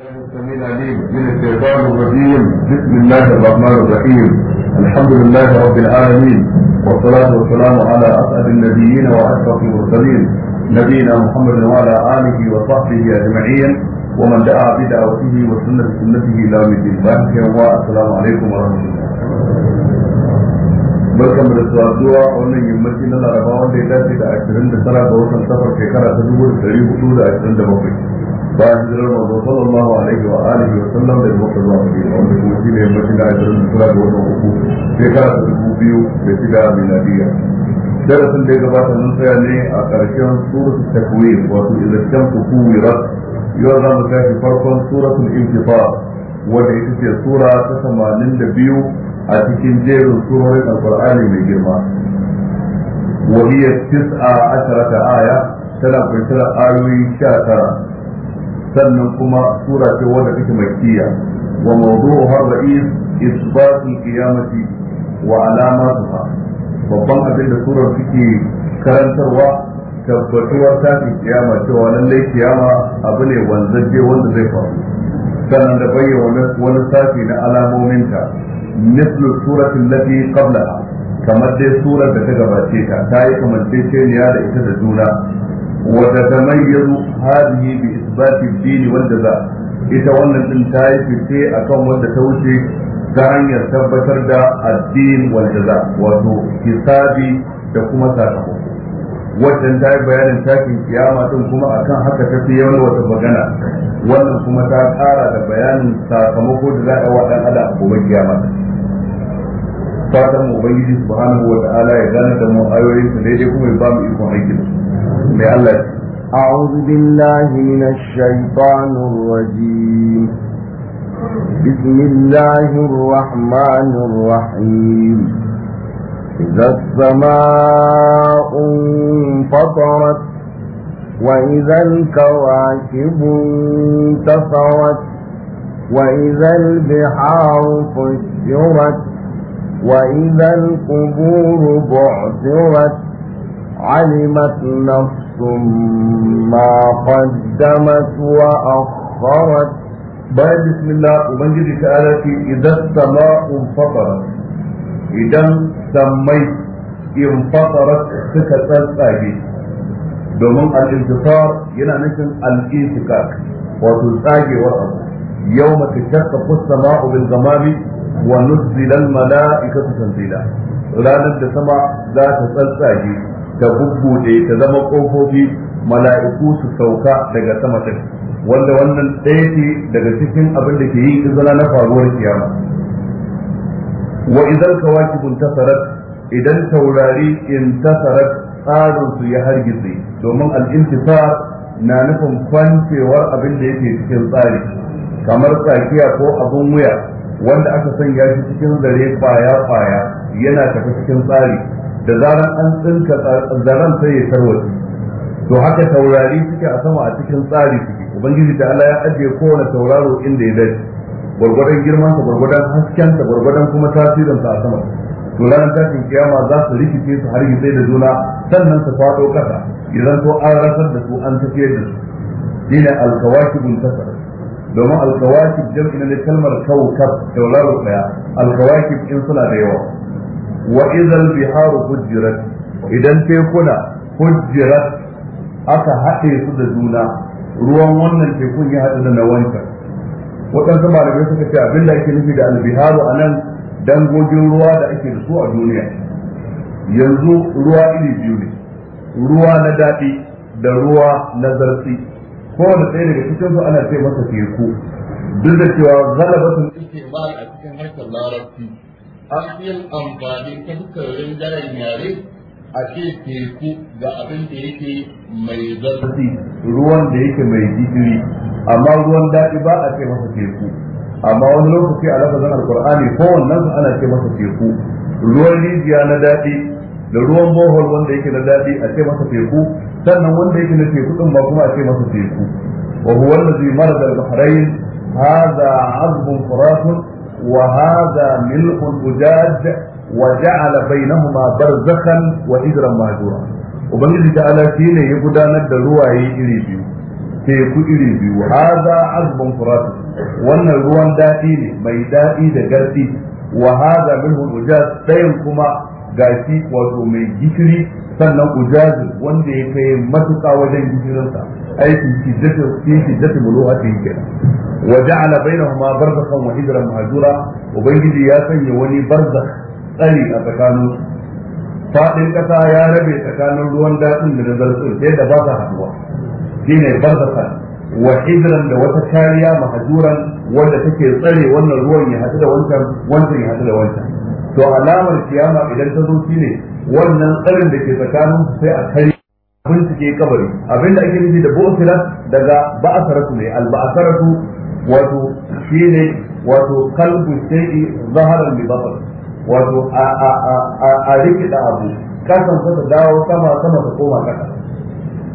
السميع العليم من الشيطان الرجيم بسم الله الرحمن الرحيم الحمد لله رب العالمين والصلاة والسلام على أسعد النبيين وأشرف المرسلين نبينا محمد وعلى آله وصحبه أجمعين ومن دعا بدعوته وسنة سنته إلى يوم الدين السلام عليكم ورحمة الله barkan da zuwa a wannan yammaci na larabawa da ya dace da 29 ga watan safar shekara ta 1427 bayan hijirar manzo sallallahu alaihi wa alihi wa sallam da muka zuwa madina wanda kuma shine yammacin da ashirin da da wannan uku sai kara dubu biyu da shida miladiya darasin da ya gabata mun tsaya ne a ƙarshen suratu takwir wato idan shamsu kuwirat yau za mu tashi farkon suratul intifa wanda ita ce sura ta samanin da biyu a cikin jerin surorin alkur'ani mai girma وهي تسعة عشرة آية تلعب بسرعة آيوي شاترة sannan kuma sura ce wanda take makkiya wa mawdu'uha ar-ra'is isbatul qiyamati wa alamatuha babban abin da surar suke karantarwa tabbatuwar tashin kiyama cewa lallai kiyama abu ne wanzaje wanda zai faru sannan da bayyana wani sashi na alamominta mislu suratin lati qablaha kamar dai surar da ta gabace ta ta yi kamanceceniya da ita da juna wadda ta mayyazu hadhihi bi fi dini wal jaza ita wannan din ta yi fice akan wanda ta wuce ta hanyar tabbatar da addin wal jaza wato hisabi da kuma sakamako wannan ta yi bayanin takin kiyama din kuma akan haka ta fi yawan wata magana wannan kuma ta kara da bayanin sakamako da za a wa dan adam gobe kiyama fatan mu ubangiji subhanahu wa ta'ala ya gane da mu ayoyin su daidai kuma ya ba mu ikon aiki da mai Allah ya أعوذ بالله من الشيطان الرجيم بسم الله الرحمن الرحيم إذا السماء انفطرت وإذا الكواكب انتصرت وإذا البحار فجرت وإذا القبور بعثرت علمت نفس ما قدمت وأخرت بعد بسم الله وبنجد تعالى إذا السماء انفطرت إذا سميت انفطرت سكت الآجي domin al'intisar yana nufin al'intikak wato tsagewar abu yau mace shakka fusta ma'ubin zamani, wa nuzilan mala'ikatu tanzila ranar da sama za ta tsantsage ta bubbude ta zama kofofi mala'iku su sauka daga sama ta wanda wannan ɗaya ce daga cikin abin da ke yi izina na faruwar kiyama wa idan bun tasarat idan taurari in tasarat tsarin su ya hargitse domin al'intisar na nufin kwancewar abin da yake cikin tsari kamar tsakiya ko abin wuya wanda aka sanya shi cikin zare baya-baya yana tafi cikin tsari da zaran an tsinka zaren sai ya tarwace to haka taurari suke a sama a cikin tsari suke ubangiji ta Allah ya ajiye kowane tauraro inda ya dace gwargwadon girman sa gwargwadon hasken sa gwargwadon kuma tasirin sa a sama to ranar tashin kiyama za su rikice su har sai da juna sannan su faɗo kasa idan to an rasar da su an tafiyar da su dina alkawakibul tasar domin alkawaki jam'i ne kalmar kawkab tauraro daya alkawakib in suna da yawa wa idhal biharu hujjirat idan tekuna hujjirat aka haɗe su da juna ruwan wannan tekun ya haɗu da na wanka. waɗansu malamai suka ce abin da ake nufi da albiharu a nan dangogin ruwa da ake da su a duniya yanzu ruwa iri biyu ne ruwa na daɗi da ruwa na zartsi kowane ɗaya daga cikin su ana ce masa teku duk da cewa galabatun istimal a cikin harkar larabci an yin amfani ta dukkanin daren yare a ce teku ga abin da yake mai zarfi ruwan da yake mai jikiri amma ruwan daɗi ba a ce masa teku amma wani lokaci a lafazin alkur'ani ko wannan su ana ce masa teku ruwan rijiya na daɗi da ruwan bohol wanda yake na daɗi a ce masa teku sannan wanda yake na teku ɗin ba kuma a ce masa teku wa huwa allazi marada al-bahrayn hadha 'azbun furatun وهذا ملح أجاج وجعل بينهما برزخا وهجرا مهجورا وبنجي تعالى شيء ya gudanar da ruwaye iri biyu teku iri biyu haza azbun furat wannan ruwan daɗi ne mai daɗi da garfi. wa haza minhu kuma gashi wato mai gishiri sannan ujazi wanda ya kai matuƙa wajen gishirinsa aikin shi dace shi dace bulu a cikin kenan wa ja'ala bainahuma barzakhan wa hijran mahjura ubangiji ya sanya wani barzakh tsari a tsakanin su fadin kasa ya rabe tsakanin ruwan datsin da nazarsun sai da ba sa haduwa shine barzakhan wa hijran da wata kariya mahjuran wanda take tsare wannan ruwan ya hadu da wancan wancan ya hadu da wancan to alamar kiyama idan ta zo shine wannan tsarin da ke tsakanin su sai a kare bincike kabari abinda ake nufi da bu'sirat daga ba'asaratu ne al-ba'asaratu wato shine wato kalbu shay'i zaharan bi batar wato a a a a rikida abu kasan ta dawo sama sama ta koma kasa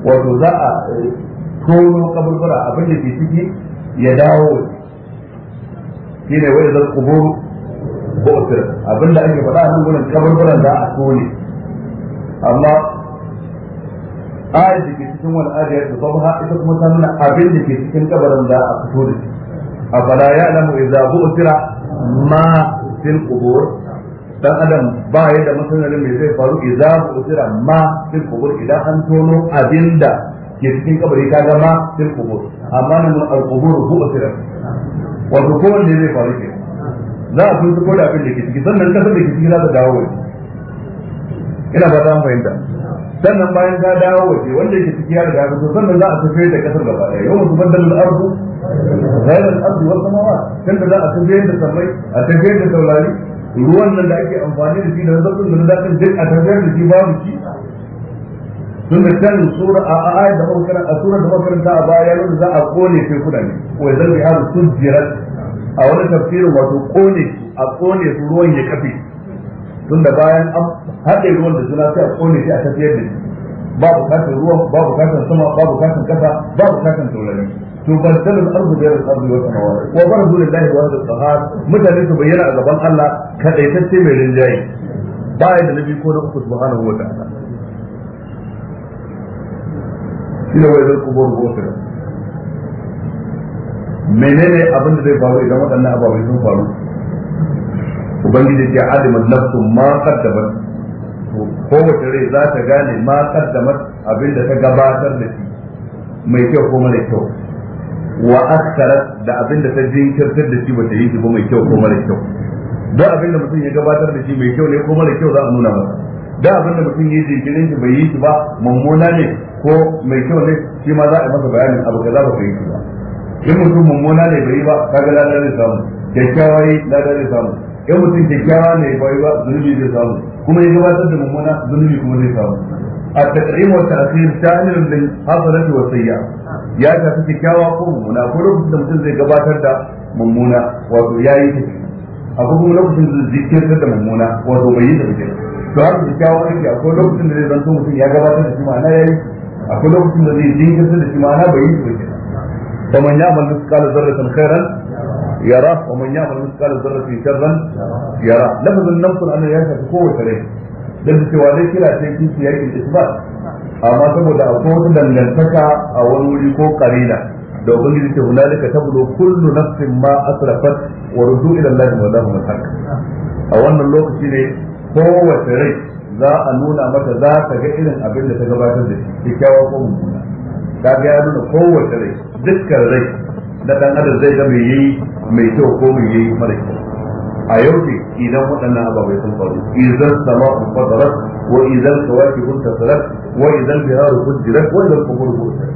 wato za a eh, tono kaburbura abin da ke ciki ya dawo shine wai zan kuburu bu'tir abinda ake faɗa a gurin kaburburan za a tone amma ayar da ke cikin wani ayar da babu ita kuma ta nuna abin da ke cikin kabarin za a fito da shi a fala ya alamu idza bu'tira ma fil qubur dan adam ba ya da masanin me zai faru idza usira ma fil qubur idan an tono abin da ke cikin kabari ka ga ma fil qubur amma nan al qubur hu usira wato ko wanda zai faru ke za a sun ko da abin da ke ciki sannan kasar da ke ciki za ta dawo waje ina ba ta fahimta sannan bayan ta dawo waje wanda ke ciki ya riga fito sannan za a tafiye da kasar gaba ɗaya yau su bandar zai zayar al'arzu wasu mawa kan za a tafiye da samai a tafiye da saurari ruwan nan da ake amfani da shi da zazzabin da za zafin duk a tafiye da shi babu shi tun da can sura a ayat da makaranta a sura da makaranta a baya yanzu za a kone tekuna ne Wai ya zan bi har sun jirar a wani tafsirin wato kone su a kone su ruwan ya kafe tun da bayan an haɗe ruwan da suna sai a kone shi a tafiyar da shi ba bukatar ruwan ba bukatar sama ba bukatar kasa ba bukatar taurari to baddal al arzu bi al arzu wata samawati wa da lillahi wa hadha al-sahar mutane su bayyana a gaban Allah kadaitacce mai rinjaye ba ya da nabi ko na uku subhanahu wa ta'ala shi ne wai zai kubar gofa menene abin da zai faru idan waɗannan ababai sun faru ubangiji ce alima nafsu ma ko wata rai za ta gane ma kaddamat abin da ta gabatar da shi mai kyau ko mara kyau wa askara da abin da ta jinkirtar da shi ba ta yi shi ba mai kyau ko mara kyau da abin da mutum ya gabatar da shi mai kyau ne ko mara kyau za a nuna masa da abin da mutum ya yi jinkirin shi bai yi shi ba mummuna ne ko mai kyau ne shi ma za a yi masa bayanin abu kaza ba ka yi shi ba in mutum mummuna ne bai ba kaga ladan zai samu kyakkyawa yi ladan zai samu in mutum kyakkyawa ne bai ba zunubi zai samu kuma ya gabatar da mummuna zunubi kuma zai samu a taqrim wa ta'khir da haka hasanati wa sayyi'a ya tafi kyakkyawa ko mummuna ko lokacin da mutum zai gabatar da mummuna wato yayi akwai kuma lokacin da zikirtar da mummuna wato bai yi da bikin to haka kyakkyawa ne akwai lokacin da zai zanto mutum ya gabatar da shi ma'ana yayi akwai lokacin da zai jinkirtar da shi ma'ana bai yi da bikin فمن يعمل مثقال ذرة خيرا يراه ومن يعمل مثقال ذرة شرا يراه لفظ النص أن يشهد قوة عليه dan cewa dai kira sai kici yakin isbat amma saboda akwai wata dangantaka a wani wuri ko karina da ubangiji ce hunalika tablu kullu nafsin ma asrafat wa rudu ila allahi wa lahu al a wannan lokaci ne kowace rai za a nuna mata za ta ga irin abin da ta gabatar da shi kyakkyawa ko mummuna kaga ya nuna kowace rai dukkan rai na dan adam zai ga mai yi mai kyau ko mai yi mara kyau a yau ne idan waɗannan ababai sun faru idan ku fadara wa idan kawakibun tasarat wa idan biharu fujirat wa idan kuburu fujirat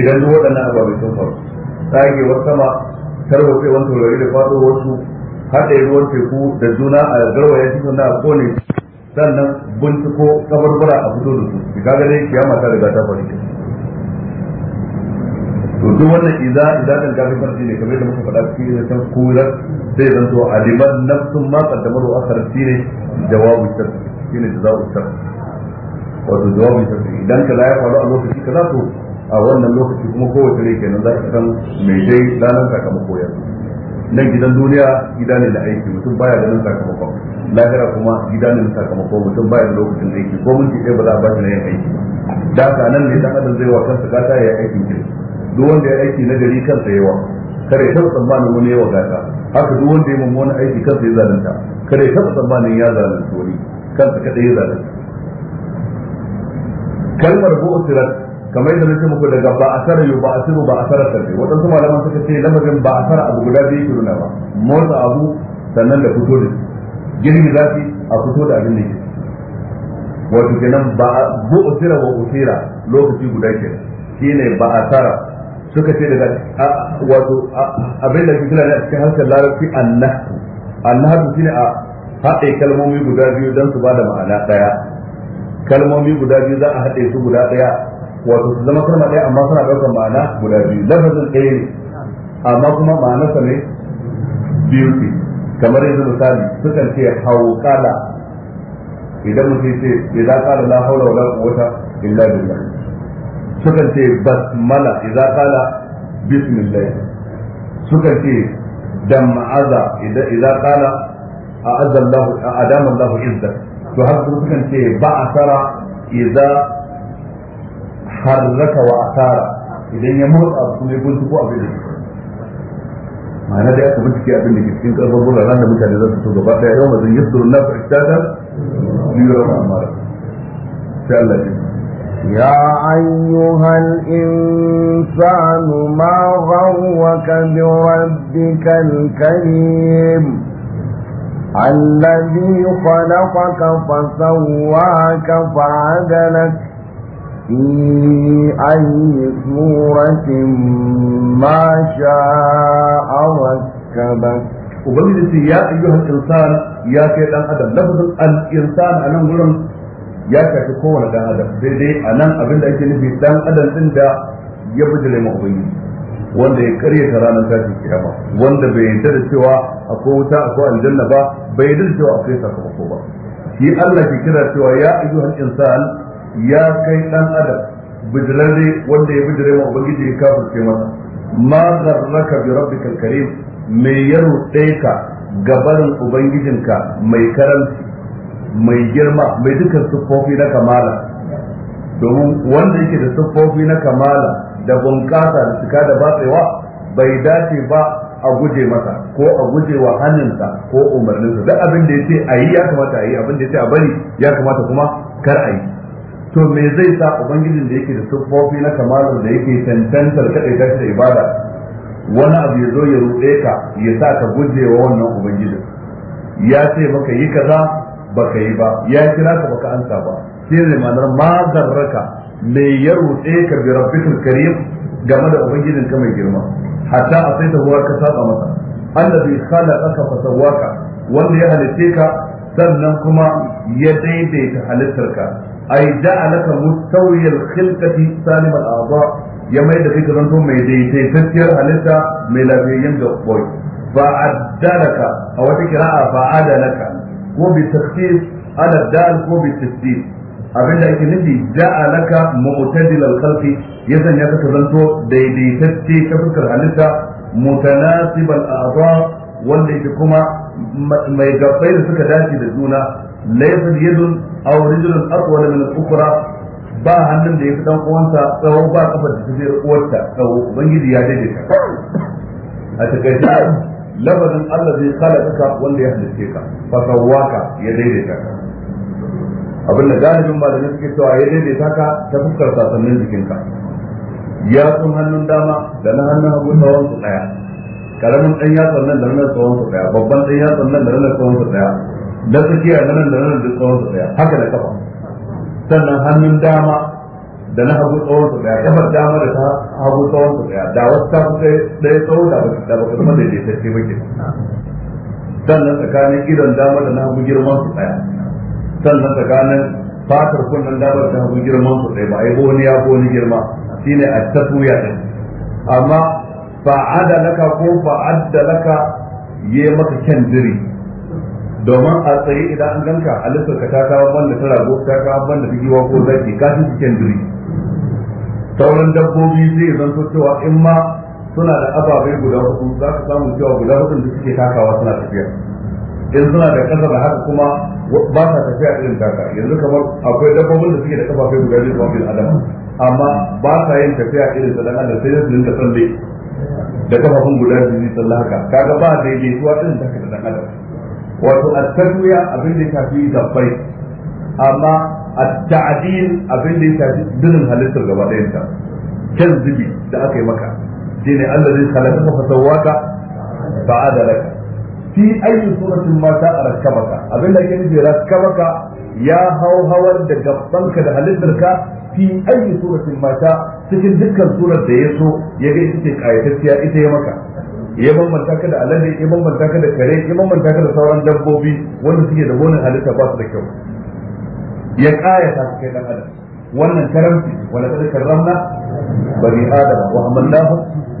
idan duk waɗannan ababai sun faru tsagewar sama tarwatsewar taurari da faɗowar su haɗe ruwan teku da juna a ya cikin na kone sannan binciko kabarbara a fito da su kaga dai kiyama ta riga ta faru to duk wannan idza idza kan kafin farji ne kamar da muka faɗa cikin zancen kula zai zanto aliman nafsun ma qaddamar wa akhar ne jawabu shar da jazaa'u ta wato jawabu ta idan kaza ya faru a lokaci kaza to a wannan lokaci kuma kowace rai kenan za ka san mai dai ka sakamako koyar nan gidan duniya gida ne da aiki mutum baya ganin sakamakon lahira kuma gida ne da sakamako mutum baya da lokacin aiki ko mun ce ba za a ba shi na yin aiki da ka nan ne dan adam zai wa kansa gata ya aikin kirki duk wanda ya aiki na gari kansa yawa kare ta tsammanin wani yawa gata haka duk wanda ya mummuna aiki kansa ya zalunta kare ta tsammanin ya zalunta wani kansa kada ya zalunta kalmar bu'sirat kamar yadda nake muku daga ba asara yau ba asiru ba asara sarfe waɗansu malaman suka ce lamarin ba asara abu guda biyu ke nuna ba motsa abu sannan da fito da girmi zafi a fito da abin da ke wato kenan ba bu'sira wa usira lokaci guda ke shine ba asara suka ce da wato abin da ke kula ne a cikin harshen larabci Allah Allah shine a haɗe kalmomi guda biyu don su bada ma'ana ɗaya kalmomi guda biyu za a haɗe su guda ɗaya wato su zama kalma ɗaya amma suna ɗaukar ma'ana guda biyu lafazin ɗaya ne amma kuma sa ne biyu ce kamar yanzu misali sukan ce kala idan mutum ce idan na la haula wala quwwata illa billah sukan ce basmala idza qala bismillah sukan ce dam'aza idza qala a'azza a adama Allah izza to har sukan ce ba'asara idan harraka wa asara idan ya motsa su ne gunsu ko abin ma'ana da aka bincike abin da ke cikin karfar gura ran da mutane za su so gaba daya yau mazan yasuru na fa'ishtada liyura ma'amara sai Allah ya يا أيها الإنسان ما غرك بربك الكريم الذي خلقك فسواك فعدلك في أي سورة ما شاء ركبك وبالذي يا أيها الإنسان يا كيد الأدب لفظ الإنسان أنا ya shafi kowane dan adam daidai a nan abin da ake nufi dan adam din da ya bi dalilin ubangiji wanda ya ta ranar tashi kiyama wanda bai yarda da cewa akwai wuta akwai aljanna ba bai yarda da cewa akwai sakamako ba shi Allah ke kira cewa ya ayyuhal insan ya kai dan adam bidirare wanda ya bidire ma ubangiji ya kafirce masa ma zarraka bi rabbikal karim me ya ruɗe ka gabarin ubangijinka mai karamci mai girma mai dukkan siffofi na kamala domin wanda yake da siffofi na kamala da bunƙasa da cika da batsewa bai dace ba a guje masa ko a guje wa hannunsa ko umarninsa duk abin da yace a yi ya kamata a yi abin da yace a bari ya kamata kuma kar a yi to me zai sa ubangijin da yake da siffofi na kamala da yake tantantar kaɗai ta da ibada wani abu ya zo ya ruɗe ka ya sa ka guje wa wannan ubangijin ya ce maka yi kaza baka yi ba ya kira ka baka ansa ba shi ne ma'anar ma zarraka me ya rutse ka bi rabbikal karim game da ubangijin ka mai girma hatta a sai tabuwar ka saba masa allazi khalaqaka fa sawwaka wanda ya halitte ka sannan kuma ya daidaita halittarka ai ja'alaka mustawiyal khilqati salimal a'dha ya mai da kai zanto mai daidaitacciyar halitta mai lafiyayyen gaɓɓoi ba addalaka a wata kira'a ba adalaka ko bi tafsir ala dal ko bi tafsir abinda ake nufi ja'alaka mumtadil al-khalqi ya sanya ka zanto daidaitacce ta fuskar halitta mutanasibal a'dha wanda yake kuma mai gabbai da suka dace da juna laysa yadun aw rijlun aqwala min al-ukhra ba hannun da yafi dan uwansa tsawo ba kafar da tafi uwarta tsawo ubangiji ya daidaita a takaice lafazin Allah zai khalaqaka wanda ya halice ka fa sawwaka ya daidaita ka abin da galibin malamai suke cewa ya daidaita ka ta fuskar sasannin jikinka ya sun hannun dama da na hannun hagu tsawon su daya karamin dan yatsan nan da nan tsawon su daya babban dan yatsan nan da nan tsawon su daya na tsakiya da nan da nan da tsawon su daya haka da kafa sannan hannun dama da na hagu tsawon su daya kamar dama da ta hagu tsawon su daya da wasu ta fi ɗaya tsawo da ba da ba kuma da ya ba ke sannan tsakanin idon dama da na hagu girman su daya sannan tsakanin fatar kunnen dama da na hagu girman su daya ba a ko ni ya ko ni girma ne a tuya din amma fa'ada laka ko fa'adda laka yi maka kyan jiri domin a tsaye idan an ganka a ka ta kawo banda ta rago ta kawo banda ta giwa ko zaki ka fi cikin jiri sauran dabbobi zai zanto cewa in ma suna da ababe guda hudu za ka samu cewa guda hudun da suke takawa suna tafiya in suna da kasa da haka kuma ba sa tafiya irin taka yanzu kamar akwai dabbobin da suke da kafafai guda biyu ba bil adam amma ba sa yin tafiya irin ta dan adam sai su dinka tsalle da kafafun guda biyu tsalle haka kaga ba suwa irin taka da dan adam wato a tafiya abin da ya shafi gabbai amma at-ta'dil abin da ya shafi dinin halittar gaba da aka yi maka shine Allah zai halaka fi ayi suratin ma ta rakabaka abin da yake nufi rakabaka ya hauhawar da gabanka da halittarka fi ayi suratin ma ta cikin dukkan surar da ya so ya ga kayatacciya ita ya maka ya bambanta ka da alade ya bambanta ka da kare ya bambanta ka da sauran dabbobi wanda suke da gonin halitta ba su da kyau ya kayata su kai dan adam wannan karamci wala kada karramna bani adam wa amallahu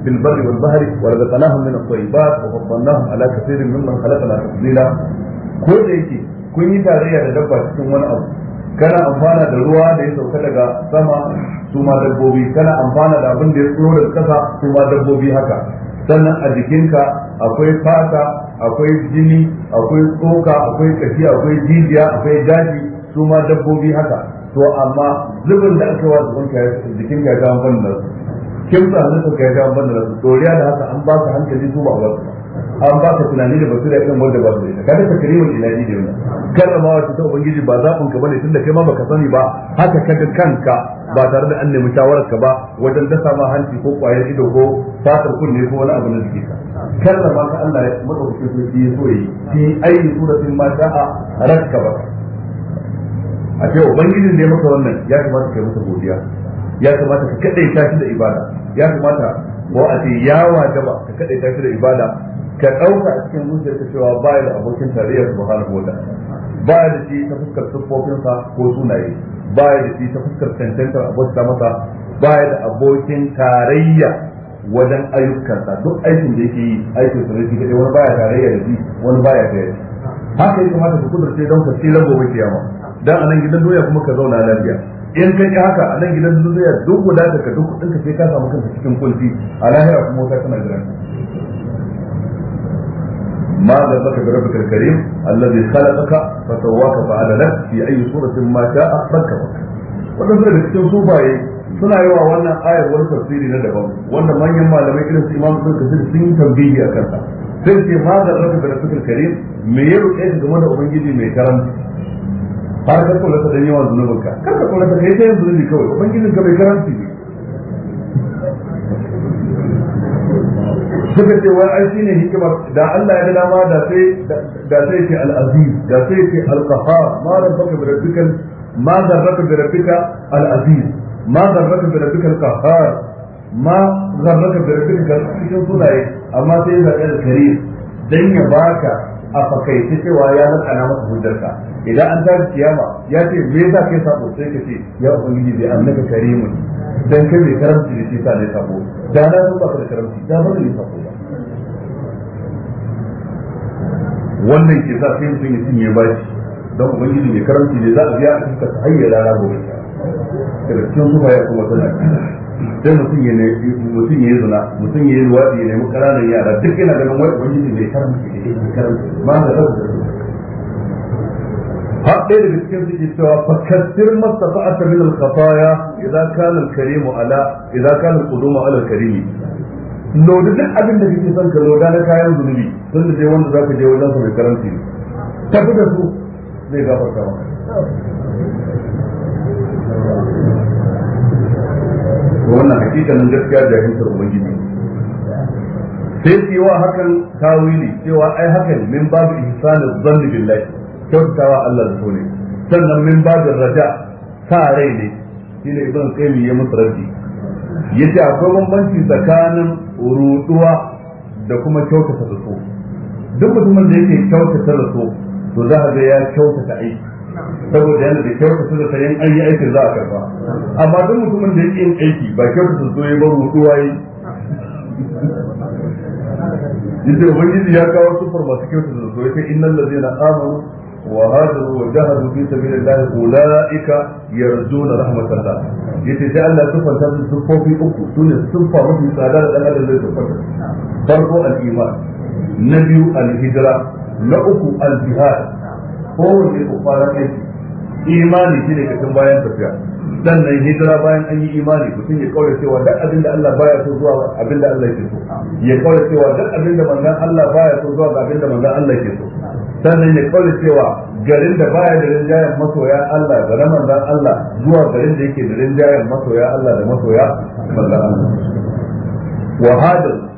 bil barri wal bahri wa razaqnahum min at-tayyibat wa faddalnahum ala kathirin mimman khalaqna tafdila ko da yake kun yi tarayya da dabba cikin wani abu kana amfana da ruwa da ya sauka daga sama su ma dabbobi kana amfana da abin da ya tsoro daga kasa su ma dabbobi haka sannan a jikinka akwai fata akwai jini akwai tsoka akwai kashi akwai jijiya akwai jaji su ma dabbobi haka to amma zubin da aka wasu kun kai jikin ka ga ban da kimsa ne su ga ga ban da doriya da haka an ba su hankali su ba ba an ba su tunani da basira irin wanda ba su da kada ka kare wani ilahi da wannan wata ta ubangiji ba zaɓin ka bane tunda kai ma baka sani ba haka ka ga kanka ba tare da an nemi shawarar ka ba wajen dasa ma hanci ko kwayar ido ko fatar kunne ko wani abu na jiki ka karrama ka Allah ya maka kuke so yi fi ayi suratin ma da'a rakka ba a ce ubangiji da ya maka wannan ya kamata kai masa godiya ya kamata ka kaɗai shi da ibada ya kamata ko a ce ya wajaba ka kaɗai shi da ibada ka dauka a cikin zuciyarka cewa ba da abokin tarayya subhanahu goda ba da shi ta fuskar siffofinsa ko sunaye ba da shi ta fuskar cancantar abokin masa ba da abokin tarayya wajen ayyukansa duk aikin da yake yi aikin sa yake kadai wani baya tarayya da shi wani baya da shi haka yake mata ku kudurce don ka tsira gobe kiyama dan anan gidan doya kuma ka zauna lafiya in ka ki haka anan gidan doya duk wadatar ka duk kudin ka sai ka samu kanka cikin kulfi a lahira kuma wata tana jira. jiran ما ذنبك بربك الكريم الذي خلقك فسواك فعل لك في اي صوره ما شاء ركبك wadanda daga cikin sufaye suna yi wa wannan ayar wani tafsiri na daban wanda manyan malamai irin su imam sun kasir sun yi tambayi a kansa sai ce ma da rabu da rasul karim me ya roƙe shi game da ubangiji mai karamci ba ka kula ta dan yawan zunubin ka kar ka kula ta yi ta yin zunubi kawai ubangijin ka bai karanti. ne suka ce wai ai shine hikimar da Allah ya ga dama da sai da sai ce al-aziz da sai ke al-qahhar ma rabbaka bi rabbika ma zarraka bi rabbika al-aziz ma zarraka bi rabbika al-qahhar ma zarraka bi rabbika cikin sunaye amma sai ya zaɓi al-karim dan ya baka a fakaice cewa ya lakana masa hujjarka idan an tashi kiyama ya ce me yasa kai sabo sai ka ce ya ubangiji bai annaka karimun dan kai mai karamci da shi sa ne sabo da na ba ka da karamci da ba zai sabo ba wannan ke sa sai mutum ya cinye bashi don ubangiji mai karamci ne za a biya a cikin ka hayyar rana gobe da cikin sufa ya kuma tana sai mutum ya ne mutum ya zina mutum ya yi luwaɗi ya nemi ƙananan yara duk yana ganin wani wani ne mai karamci ke karamci ba da rabu har ɗaya daga cikin su ke cewa fakastir mastafa'ata min al-khataya idan kana al-karimu ala idan kana al-quduma ala al-karimi lodi duk abin da kake son ka loda na kayan zunubi tun da dai wanda zaka je wajen sa mai karanci tafi da su zai gafarta maka wannan hakikanin gaskiya jahiltar ubangiji sai cewa hakan tawili cewa ai hakan min babu ihsanu zanni billahi kyautatawa Allah da sone sannan min babu raja sa rai ne shine ibn qayyim ya musu raddi yace akwai bambanci tsakanin ruduwa da kuma kyautata da duk mutumin da yake kyautata da to za ga ya kyautata aiki saboda yana da kyautata da sayan an yi aikin za a karba amma duk mutumin da yake yin aiki ba kyautata so ya ba rutuwa yi yadda ubangiji ya kawo sufar masu kyautata da so ya kai innal ladzina amanu وهاجروا وجاهدوا في سبيل الله اولئك يرجون رحمه الله yace sai Allah sufan ta sufofi uku Su sune sufa mafi tsada da dan adam zai sufanta farko al-iman na biyu al-hijra na uku al-jihad kowanne kokarin aiki imani shi ne kashin bayan tafiya sannan hijira bayan an yi imani mutum ya kaura cewa duk abin da Allah baya so zuwa abin da Allah ke so ya kaura cewa duk abin da manzon Allah baya so zuwa ga abin da manzon Allah ke so sannan ya kaura cewa garin da baya da rinjayen masoya Allah da na manzon Allah zuwa garin da yake da rinjayen masoya Allah da masoya manzon Allah wa hada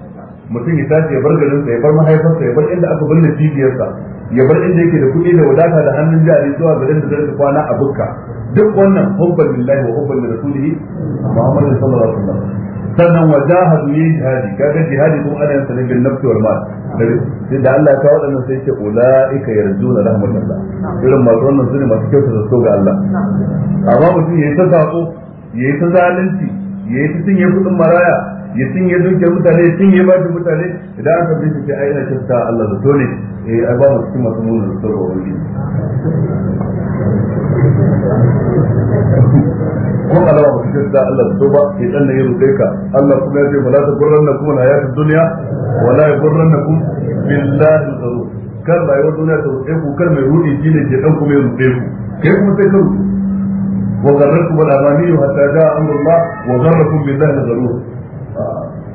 mutum ya tashi ya bar garinsa ya bar mahaifarsa ya bar inda aka binne cibiyarsa ya bar inda yake da kuɗi da wadata da hannun jari zuwa garin da zai kwana a bukka duk wannan hubban lillahi wa hubban li rasulihi Muhammad sallallahu alaihi wasallam sannan wajahadu yin jihadi kaga jihadi kuma ana yin sa ne bin nafsi wal mal sai da Allah ya kawo wannan sai ce ulaika yarjuna rahmatallah irin masu wannan sune masu kyautata so ga Allah amma mutum ya yi ta sako yi ta zalunci ya yi ta cinye kuɗin maraya ya cinye dukiyar mutane ya cinye ba mutane idan aka bi shi ai ina kyauta Allah da tone eh ai ba mu cikin masu nuna da tsoro wani Kuma Allah ba cikin ta Allah da ba ɗan dan yi rufe ka Allah kuma ya ce wala ta na kuma na hayatid duniya wala ya gurranna kum billahi zarur kar rayuwar duniya ta rufe ku kar mai shi ne ke dan kuma ya rufe ku kai kuma sai ka rubuce وغرركم الأماني حتى جاء أمر الله وغركم بالله الغرور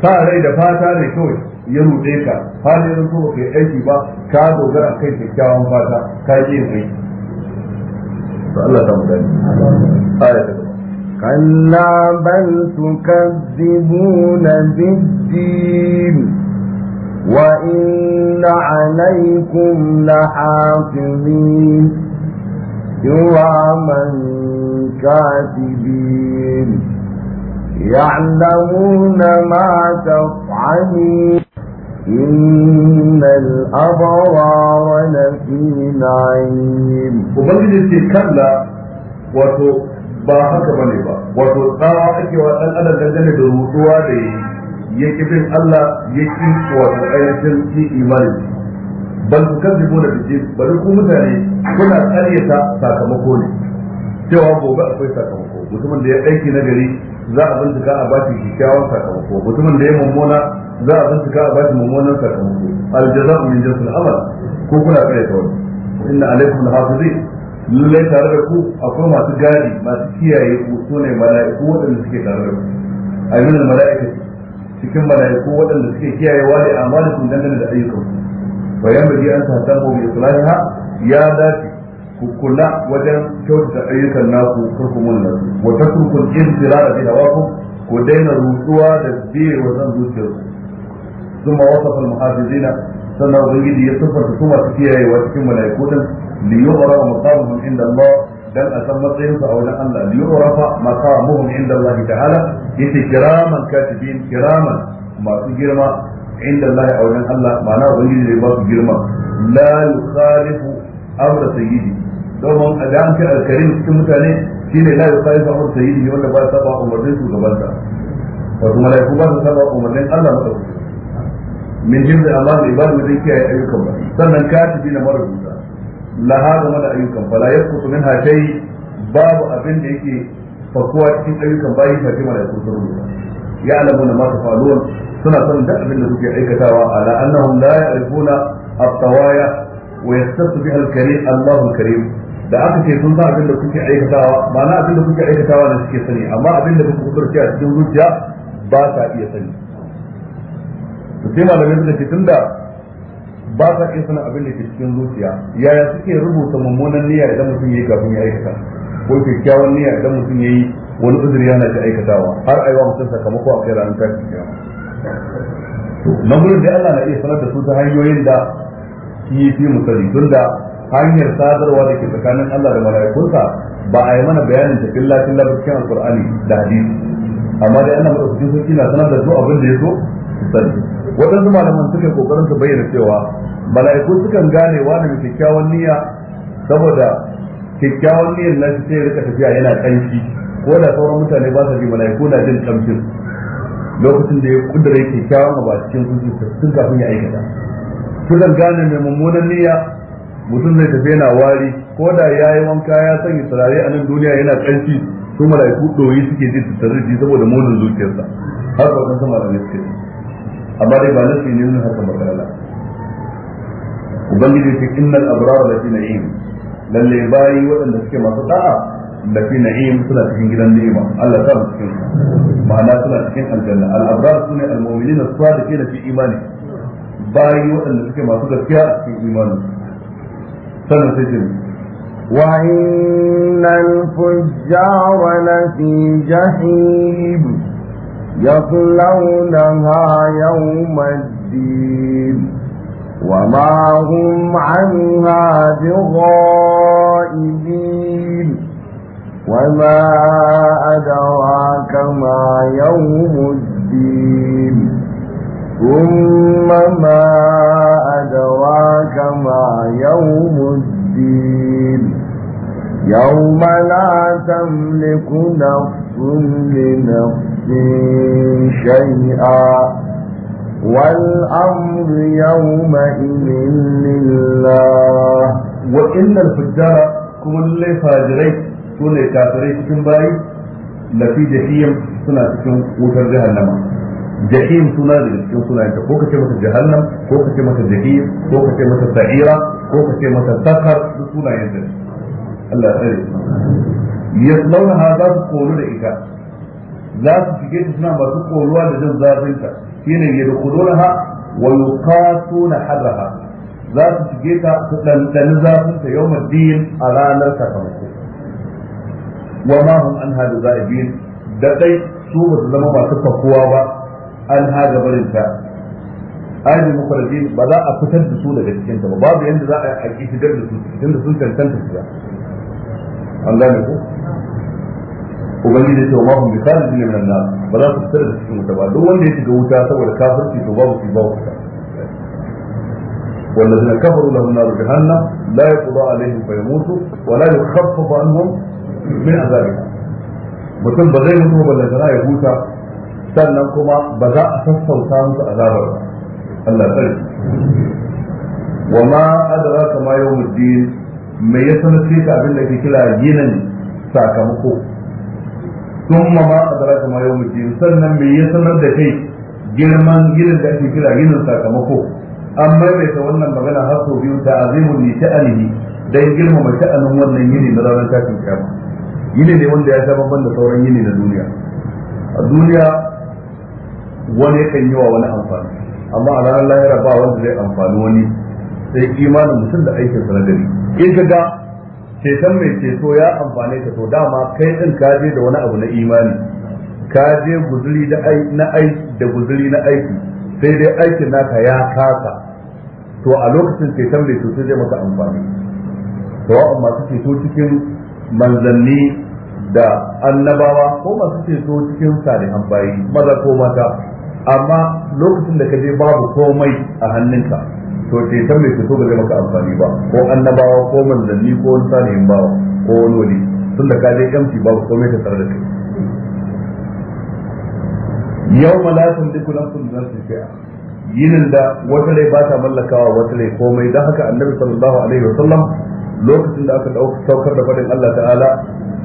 sa rai da fata ne kawai ya rute ka hali yanzu kuma kai aiki ba ka dogara kai kyakkyawan fata ka yi yin aiki to Allah ta mutane aya ta كلا بل تكذبون بالدين وإن عليكم لحافظين كراما كاتبين يعلمون ما تفعلين إن الأبرار لفي نعيم وبنجد في كلا wato ba haka bane ba wato tsawa ake wa dan adam dangane da rutuwa da ya ki bin Allah yake ki wato ayyukan ki imani Ban ku kan dibo da bije bari ku mutane kuna karyata sakamako ne cewa gobe akwai sakamako mutumin da ya aiki na gari za a bincika a bashi kyakkyawan sakamako mutumin da ya mummuna za a bincika a bashi mummunan sakamako aljaza'u min jinsil amal ko kuna kare ta wani inna alaikum alhafizin lallai tare da ku akwai masu gadi masu kiyaye ku su ne mala'iku waɗanda suke tare da ku a yi mana mala'ika cikin mala'iku waɗanda suke kiyaye kiyayewa da amalin dangane da ayyukan ku bayan bari an sa samu bi islahiha ya dace ku kula wajen kyautata ayyukan naku kar kurkumun nan wa tatrukul inzira bi hawakum ku daina rutuwa da biye wa san zuciyarku kuma wasafa al-muhafizina sannan ubangiji ya sifanta su masu kiyayewa cikin malaiku din li yu'ra maqamuhum inda Allah dan a san matsayin su a wajen Allah li yu'ra maqamuhum inda Allah ta'ala yace kiraman katibin kiraman masu girma inda Allah a wajen Allah ma'ana ubangiji ne ba su girma la yukhalifu amra sayyidi domin a da an ce alkarim cikin mutane shi ne shine la yusayi fa amr sayyidi wanda ba sa ba umarnin shugaban sa wato malaiku ba sa ba umarnin Allah madaukaki min himmi Allah da ibadu zai kiyaye ayyukan ba sannan katibi na marubuta laha game da ayyukan fala yakutu min hatai babu abin da yake fakuwa cikin ayyukan bayi shafi malaiku sun rubuta ya alamu na masu faruwan suna sanin duk abin da suke aikatawa ala annahum la ya'rifuna a tawaya wa yastasu biha al-karim Allahu karim da aka ce sun san abin da kuke aikatawa ma'ana abin da kuke aikatawa ne suke sani amma abin da kuka kudurci a cikin zuciya ba sa iya sani to sai malamai suka ce tunda ba sa iya sanin abin da ke cikin zuciya yaya suke rubuta mummunan niyya idan mutum ya yi kafin ya aikata ko kyakkyawan niyya idan mutum ya yi wani uzuri yana ta aikatawa har wa mutum sakamako a kai ranar tashin kiyama to na gudun da Allah na iya sanar da su ta hanyoyin da shi fi musali tunda hanyar sadarwa da ke tsakanin Allah da mala'ikunsa ba a yi mana bayanin ta filla filla ba cikin alqur'ani da hadisi amma dai ana maka cikin sun kina sanar da su abin da ya so sani waɗansu malaman suke kokarin su bayyana cewa mala'iku sukan gane wani mai kyakkyawan niyya saboda kyakkyawan niyyar nan sai ya rika tafiya yana kanki ko da sauran mutane ba sa bi mala'iku na jin kamshin lokacin da ya kudura yake kyawun ba cikin zuciyarsa tun kafin ya aikata kudan gane mai mummunan niyya mutum zai tafi yana wari ko da ya yi wanka ya sanya turare a nan duniya yana ƙarfi su mala'iku ɗoyi suke ji su tare ji saboda munin zuciyarsa har ba kan sama da suke amma dai ba nasi ne nuna haka makarala ubangiji ce innal abrar lafi na'im lalle bayi waɗanda suke masu da'a lafi na'im suna cikin gidan ni'ima Allah ta mu cikin ma'ana suna cikin aljanna al abrar sune al mu'minina as-sadiqina fi imani bayi waɗanda suke masu gaskiya a cikin imaninsu وإن الفجار لفي جحيم يصلونها يوم الدين وما هم عنها بغائبين وما أدراك ما يوم الدين ثم ما أدراك ما يوم الدين يوم لا تملك نفس لنفس شيئا والأمر يومئذ لله وإن الفجار كل فاجرين سنة كافرين كم باي لفي جهيم سنة كم وتر جهنم jahim suna daga cikin sunayenta ko ka ce masa jahannam ko ka ce masa jahim ko ka ce masa sa'ira ko ka ce masa sakar duk sunayenta Allah ya tsare yaslaunaha za su koru da ita za su shige ta suna masu koruwa da jin zafinta shine yadkhulunaha wa yuqatuna harraha za su shige ta su dandani zafinta yawmal din a ranar sakamako wa ma hum an hadu za'ibin da dai su ba su zama masu fakuwa ba an haga barin ta ayyul ba za a fitar da su daga cikin ta ba babu yadda za a yi shigar da su cikin da sun tantance su ba an gane ku. ubangiji ce wa ma hum bi kharijin min ba za su fitar da cikin wuta ba duk wanda ya shiga wuta saboda kafirci to babu shi babu wuta والذين كفروا لهم نار جهنم لا يقضى عليهم فيموتوا ولا يخفف عنهم من عذابها mutum ba zai mutu ba huta sannan kuma ba za a sassauta musu azabar ba Allah sarki wa ma adraka ma yawmuddin me ya sanar ce ka abin da ke kila yinan sakamako thumma ma adraka ma yawmuddin sannan me ya sanar da kai girman yinan da ake kila yinan sakamako an maimaita wannan magana har sau biyu ta azimun ni ta'alihi dan girmama sha'anin wannan yini na ranar tashin kiyama yini ne wanda ya sha babban da sauran yini na duniya a duniya wani kan yi wa wani amfani amma a ranar lahira ba wanda zai amfani wani sai imanin mutum da aikin sa in ka ga ceton mai ceto ya amfane ka to dama kai din ka je da wani abu na imani ka je guzuri da na aiki da guzuri na aiki sai dai aikin naka ya kasa to a lokacin ceton mai ceto zai maka amfani to sawa'un masu ceto cikin manzanni da annabawa ko masu ceto cikin salihan bayi maza ko mata amma lokacin da ka je babu komai a hannunka to san mai fito ba zai maka amfani ba ko annabawa ko manzanni ko wani salihin bawa ko wani wani, tun da ka je yamci babu komai ka tsara da kai yau ma la na sun li nafsin shay'a yinin da wata rai ba ta mallakawa wata rai komai don haka annabi sallallahu alaihi wasallam lokacin da aka saukar da fadin Allah ta'ala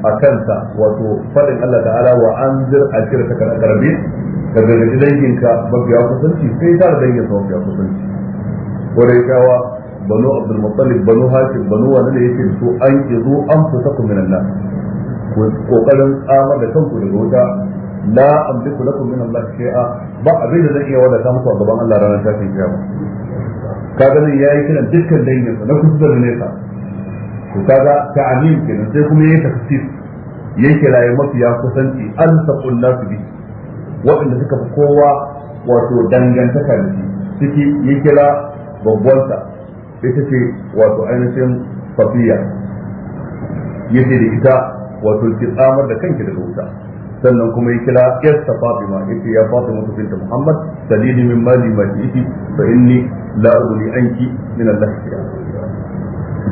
a kansa wato fadin Allah ta'ala wa anzir ashirka kal aqrabin ka gargaɗi danginka mafiya kusanci sai tara danginsa mafiya kusanci ƙuraishawa banu abdulmuttalib banu hashim banu wani da yake so an ki zo an fita ku minan nan kokarin tsamar da kanku daga wuta la amliku lakum min Allah shay'a ba abin da zan iya ta muku a gaban Allah ranar tashin kiyama kaga nan yayi kiran dukkan danginsa na kusa da nesa to kaga ta'amim kenan sai kuma yayi tafsir yake rayu mafiya kusanci an taqul nasu bihi waɗanda suka fi kowa wato dangantaka da shi ciki ya kira babbansa ita ce wato ainihin fafiya ya ce da ita wato ki tsamar da kanki daga wuta sannan kuma ya kira yasta fatima ya ce ya fatima ta binta muhammad dalili min mali ma ji iti fa inni la ubni anki min allah kiya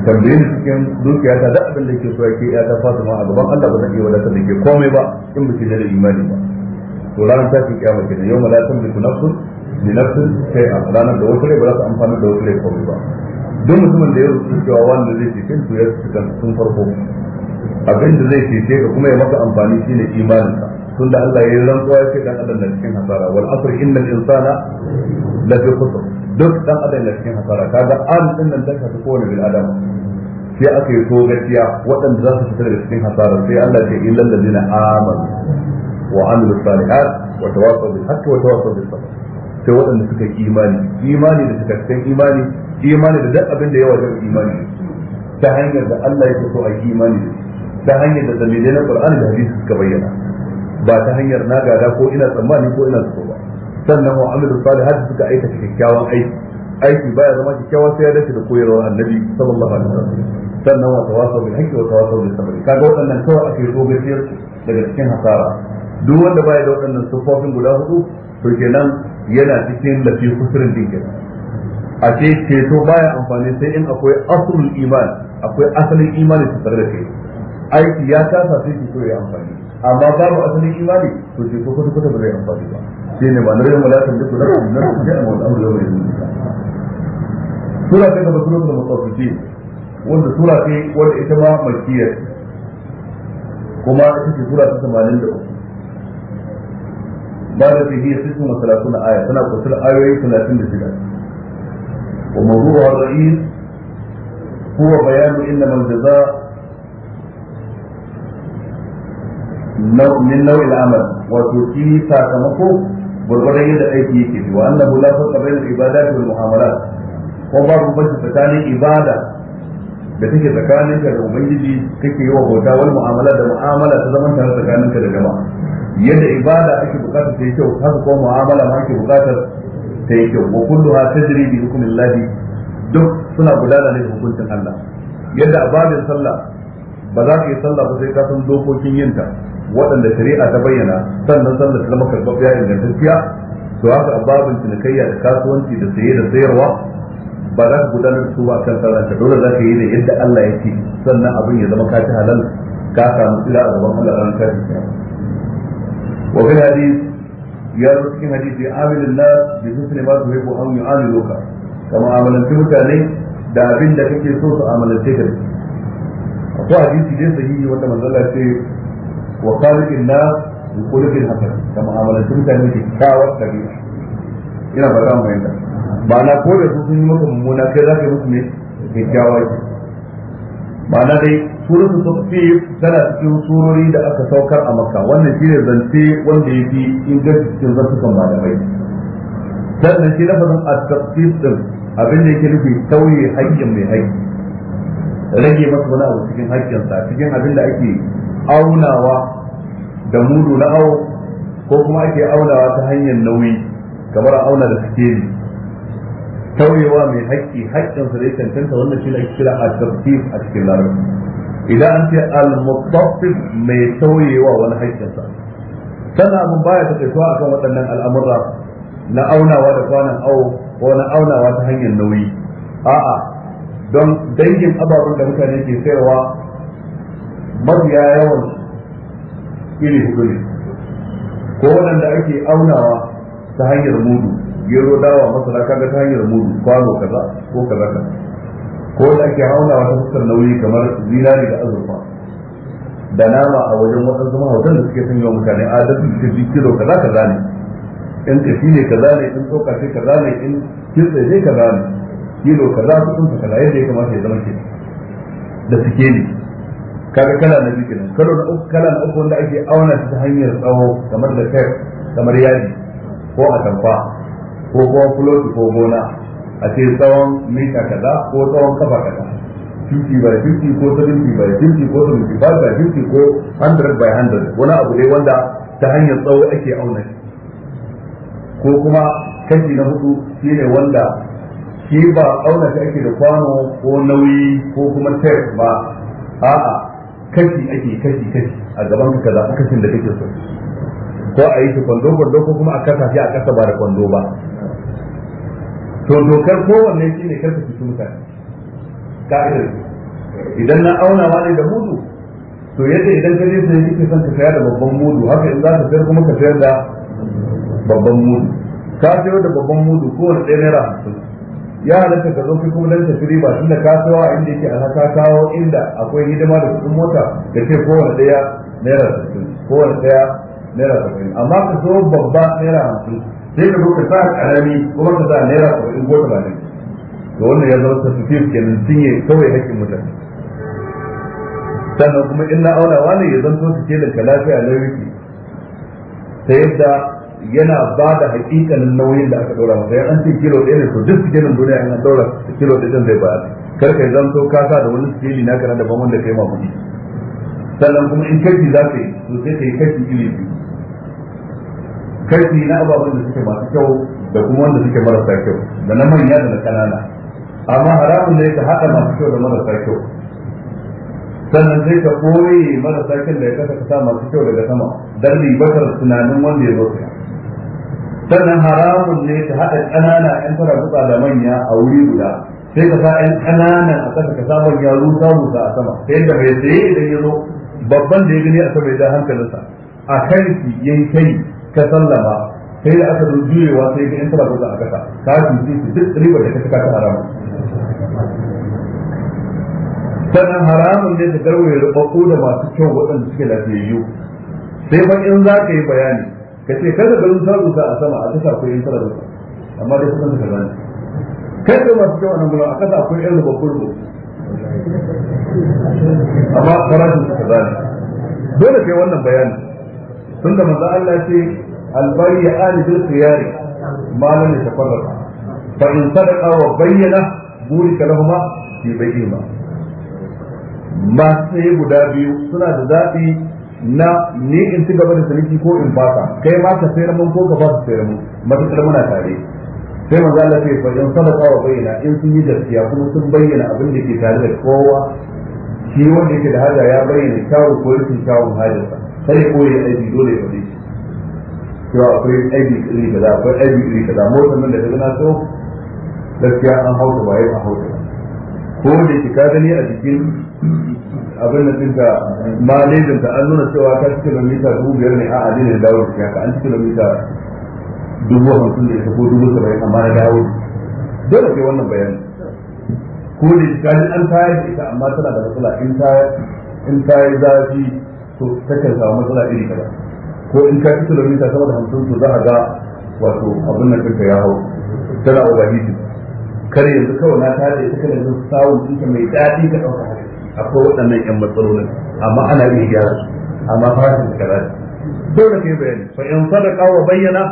tambayin cikin dukiya ta da abin da ke so yake ya ta fatima a gaban allah ba ta iya wadatar da ke komai ba in ba ki da imani ba to ranar tashi kiyama ke da yau ma la tamliku nafsun li nafsin sai a ranar da wasu rai ba za su amfani da wasu rai kawai ba duk mutumin da ya rubuta cewa wanda zai cece to ya cika sun farko abin da zai cece ka kuma ya maka amfani shine imaninka tun da Allah ya yi rantsuwa ya ce dan adam na cikin hasara wal asr innal insana la fi khusr duk dan adam na cikin hasara kaga an din nan dan ka kowane bil adam sai aka yi to gaskiya waɗanda za su fita daga cikin hasara sai Allah ya ce illal ladina amanu وعملوا الصالحات وتواصوا بالحق وتواصوا بالصبر sai waɗanda suka yi imani imani da cikakken imani imani da duk abin da yawa da imani ta hanyar da Allah ya so a yi imani ta hanyar da dalilai na Qur'ani da hadisi suka bayyana ba ta hanyar na gada ko ina tsammani ko ina so ba sannan wa amilu salihat suka aikata kyakkyawan aiki aiki baya zama kyakkyawa sai ya dace da koyarwar annabi sallallahu alaihi wasallam sannan wa tawasau bil haqqi wa tawasau bis sabr kaga waɗannan kawai ake so gaskiyar daga cikin hasara duk wanda baya da waɗannan siffofin guda hudu to kenan yana cikin lafi kusurin dinkin a ce ceto baya amfani sai in akwai asulul iman akwai asalin imani su tare da kai aiki ya kasa sai ceto ya amfani amma babu asalin imani to ceto kwata kwata ba zai amfani ba sai ne ba na rai malatan duk da kuma nan sai amma da amurwa mai zuwa sura ta gaba sura ta mutawaffiki wanda sura ce wanda ita ma makiyar kuma ita ce sura ta 83 بعد في هي 36 آية سنة قصر آية 30 بسجاة وموضوعها الرئيس هو بيان إن من جزاء نوع من نوع العمل وتوكيه ساكمكو بالغرية أي تيكي وأنه لا فرق بين العبادات والمعاملات وبعض بس فتاني إبادة بتيجي تكاني كالعبيدي كيكي هو بوتا والمعاملات المعاملة تزمن تهل تكاني كالجماعة yadda ibada ake bukatar ta yi kyau haka kuma mu'amala ma ake bukatar ta yi kyau wa kulluha tajri bi hukmillahi duk suna gudana ne da hukuncin Allah yadda ababin sallah ba za ka yi sallah ba sai ka san dokokin ta waɗanda shari'a ta bayyana sannan sallah ta zama karɓaɓɓiya ingantacciya to haka ababin cinikayya da kasuwanci da saye da sayarwa ba za ka gudanar da su ba kan sarranta dole za ka yi da yadda Allah ya ce sannan abin ya zama ka ci halal ka samu tsira a gaban Allah ran kashi وفي الحديث يا رسول حديث عامل الناس بحسن ما تحب أن يعاملوك كما عاملت متاني da abin da kake so su amalance ka akwai hadisi dai sahihi wanda manzo Allah ce wa khaliqin nas bi khuluqin hasan kama amalance mutane ke kawar dabi'a ina ba za mu ba na ko sun yi maka mummuna kai za ka yi musu ne kyakkyawa ma'ana dai su fi tana cikin surori da aka saukar a maka, wannan ne zance wanda ya fi inganci cikin zantukan malamai sannan shi lafazin a tafsir din abin da yake nufi tauye haƙƙin mai haƙƙi rage masa wani abu cikin haƙƙinsa cikin abin da ake aunawa da mudu na awo ko kuma ake aunawa ta hanyar nauyi kamar auna da sikeli sauyewa mai haƙƙi haƙƙinsa da ya cancanta wannan shi ne ake kira a tafsir a cikin larabci idan an ce al-mutaffif mai sauyewa wani haƙƙinsa sannan abin baya ta kaituwa akan waɗannan al'amurra na aunawa da kwanan awo ko na aunawa ta hanyar nauyi a'a don dangin ababen da mutane ke sayarwa mafiya yawan iri hudu ne ko waɗanda ake aunawa ta hanyar mudu gero dawa masara kaga ta hanyar mudu kwano kaza ko kaza kaza ko da ake hauna wata fuskar nauyi kamar zinari da azurfa da nama a wajen waɗansu mahautan da suke sanya mutane adalci suke bi kilo kaza kaza ne in kashi ne kaza ne in tsoka ce kaza ne in kitse ne kaza ne kilo kaza su sa kaza yadda ya kamata ya zama ke da suke ne kaga kala na biyu kenan kalo na uku kala na uku wanda ake auna ta hanyar tsawo kamar da kai kamar yadi ko a atamfa ko kuma fuloti ko gona a ce tsawon mita kaza ko tsawon kafa kaza fifty by fifty ko 70 by fifty ko five by fifty ko hundred by hundred wani abu ne wanda ta hanyar tsawo ake auna shi ko kuma kashi na hudu shi ne wanda shi ba auna shi ake da kwano ko nauyi ko kuma tef ba a'a kashi ake kashi kashi a gaban ka kaza a kashin da kake so ko a yi shi kwando kwando ko kuma a kasa shi a kasa ba da kwando ba to dokar kowanne shi ne karfafa fito mutane ka'idar idan na auna wani da mudu to yadda idan ka je sai kike son ka sayar da babban mudu haka in za ka sayar kuma ka sayar da babban mudu ka sayar da babban mudu kowane ɗaya naira hamsin ya halatta ka zo kai kuma dan tafiri ba tunda ka sayo a inda yake alaka kawo inda akwai hidima da kuɗin mota da ke kowane ɗaya naira ko kowane ɗaya naira saba'in amma ka zo babba naira hamsin sai ka duka sa karami kuma ka sa naira saba'in Ba ne to wannan ya zama tasfif kenan cinye kawai hakkin mutane sannan kuma in na aunawa ne ya zanto su ke da lafiya na yake ta yadda yana ba da hakikanin nauyin da aka ɗora masa yan an ce kilo ɗaya ne to duk sikilin duniya yana an ɗora kilo ɗaya zai bayar kar ka zanto ka sa da wani sikili na kana da ban da kai mamuni sannan kuma in kashi za ka yi to sai ka yi kashi ilimi kaifi na ababen da suke masu kyau da kuma wanda suke marasa kyau da na manya da na kanana amma haramun ne ka haɗa masu kyau da marasa kyau sannan sai ka koyi marasa kyau da ya kasa kasa masu kyau daga sama don libatar tunanin wanda ya zo ka sannan haramun ne ka haɗa ƙanana ƴan fara da manya a wuri guda sai ka sa ƴan ƙananan a ƙasa ka sa manya rusa rusa a sama sai da mai tsaye idan ya zo babban da ya gani a sama ya ja hankalinsa a kanki yankai ka sallama sai da aka juyewa sai ga in tara buga a kasa ka cuce su duk ribar da ka saka ta haramu sannan haramun ne da garwaye rubaku da masu kyau waɗanda suke lafiyayyu sai fa in za ka yi bayani ka ce kada garin rusa a sama a kasa ko in tara buga amma dai kusan ka gane kai da masu kyau a nan gudan a kasa ko yan rubaku rubaku amma farashin su ka gane dole kai wannan bayani tunda manzo Allah ce albari ya bil khiyari malan ya tafarra fa in sadaqa wa bayyana buri kalahuma fi bayyima masu sai guda biyu suna da zabi na ni in ci gaba da saliki ko in baka kai ma ka sayar mun ko ka ba su sayar mun matakar muna tare sai manzo Allah ce fa in sadaqa wa bayyana in sun yi gaskiya kuma sun bayyana abin da ke tare da kowa shi wanda yake da haja ya bayyana kyawun ko yake kyawun hajarsa sai koyi aiki dole ya shi cewa akwai aiki iri kaza akwai aiki iri kaza motsa nan da ta na so gaskiya an hauta ba yau an hauta ko da ki ka gani a jikin abin da ma lejin ta an nuna cewa ta kilomita dubu biyar ne a adini da dawo ya ka an kilomita dubu hamsin da ita ko dubu saba'in amma na dawo dole sai wannan bayani ko da ki ka an tayar da ita amma tana da matsala in tayar in ta zafi to takan samu matsala iri kaza ko in ka fito da kilomita sama da hamsin to za a ga wato abin nan kanka ya hau tana ubangiji kar yanzu kawai na tare ta kana jin sawun ɗinka mai daɗi ka ɗauka haka akwai waɗannan ƴan matsalolin amma ana iya gyara su amma farashin kaza dole ka yi bayani fa in sadaka wa bayyana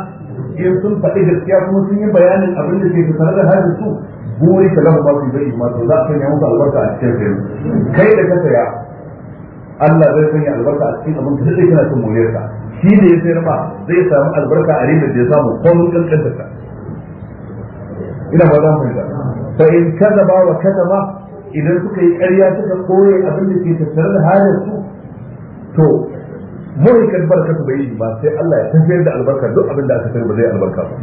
in sun faɗi gaskiya kuma sun yi bayanin abin da ke sanar da hajji su buri ka lafa ba su yi bai ma to za a sanya musu albarka a cikin kai da ka saya Allah zai sanya albarka a cikin abin da zai kana son moriyarsa shi ne ya sayar ma zai samu albarka a ribar da ya samu komun kankanta ta ina ba za mu fahimta fa in kazaba wa kazaba idan suka yi ƙarya suka koye abin da ke tattare da halin su to muhikan barkatu bai yi ba sai Allah ya tafiyar da albarka duk abin da aka sayar ba zai albarka ba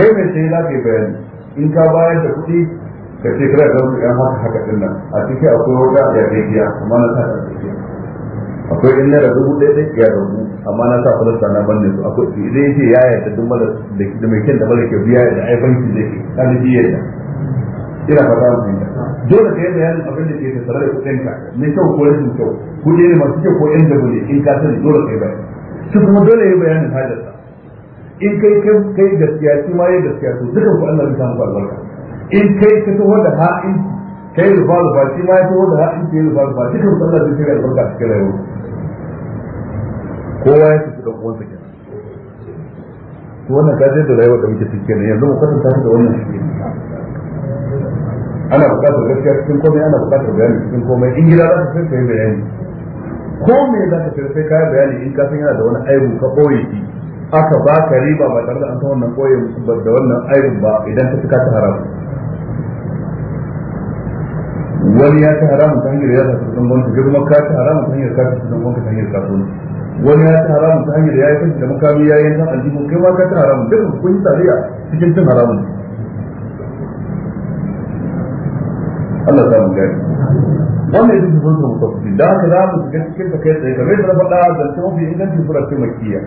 kai mai sai za ka yi bayani in ka bayar da kuɗi ka ce kada da wasu yan mata haka din nan a cikin akwai wata ya biya amma na sa tsakiya akwai in da dubu ɗaya ɗaya ya rabu amma na sa kula sana ban ne su akwai idan ya ce ya yarda duk mara da mai kyan da mara ke ya da ai banki ne kan da shi da. ina fata mu fahimta dole ka yi bayanin abin da ke da da kuɗin ka ne kyau ko rashin kyau kuɗi ne masu kyau ko yan da ne in ka sani dole ka yi bayani su kuma dole ya yi bayanin hajarsa in kai kai gaskiya shi ma ya gaskiya to dukan ku Allah zai samu albarka in kai ka taho da ha'in kai rufa rufa shi ma ya taho da ha'in kai rufa rufa shi kan sallah zai kai albarka cikin rayuwa kowa ya tafi da uwansa kenan to wannan ka da rayuwa da muke cikin kenan yanzu mu kasance ta da wannan shi ana bukatar gaskiya cikin komai ana bukatar bayani cikin komai in gida za ka sai bayani ko me za ka sai bayani in ka san yana da wani aibu ka ɓoye shi aka ba ka riba ba tare da an ta wannan koyi da wannan aibin ba idan ta cika ta haramu wani ya ta haramu ta hanyar ya tafi don gwamnati ga kuma ka ta haramu ta hanyar ka tafi don gwamnati ta hanyar kasuwanci wani ya ta haramu ta hanyar ya yi fashi da makami ya yi yankan aljihu kai ma ka ta haramu duk kun yi tarayya cikin cin haramun Allah ta mu gani wannan yadda su zo su mutafi da haka za mu shiga cikin ta kai tsaye kamar yadda na faɗa zance mafi inganci ingancin surar makiyya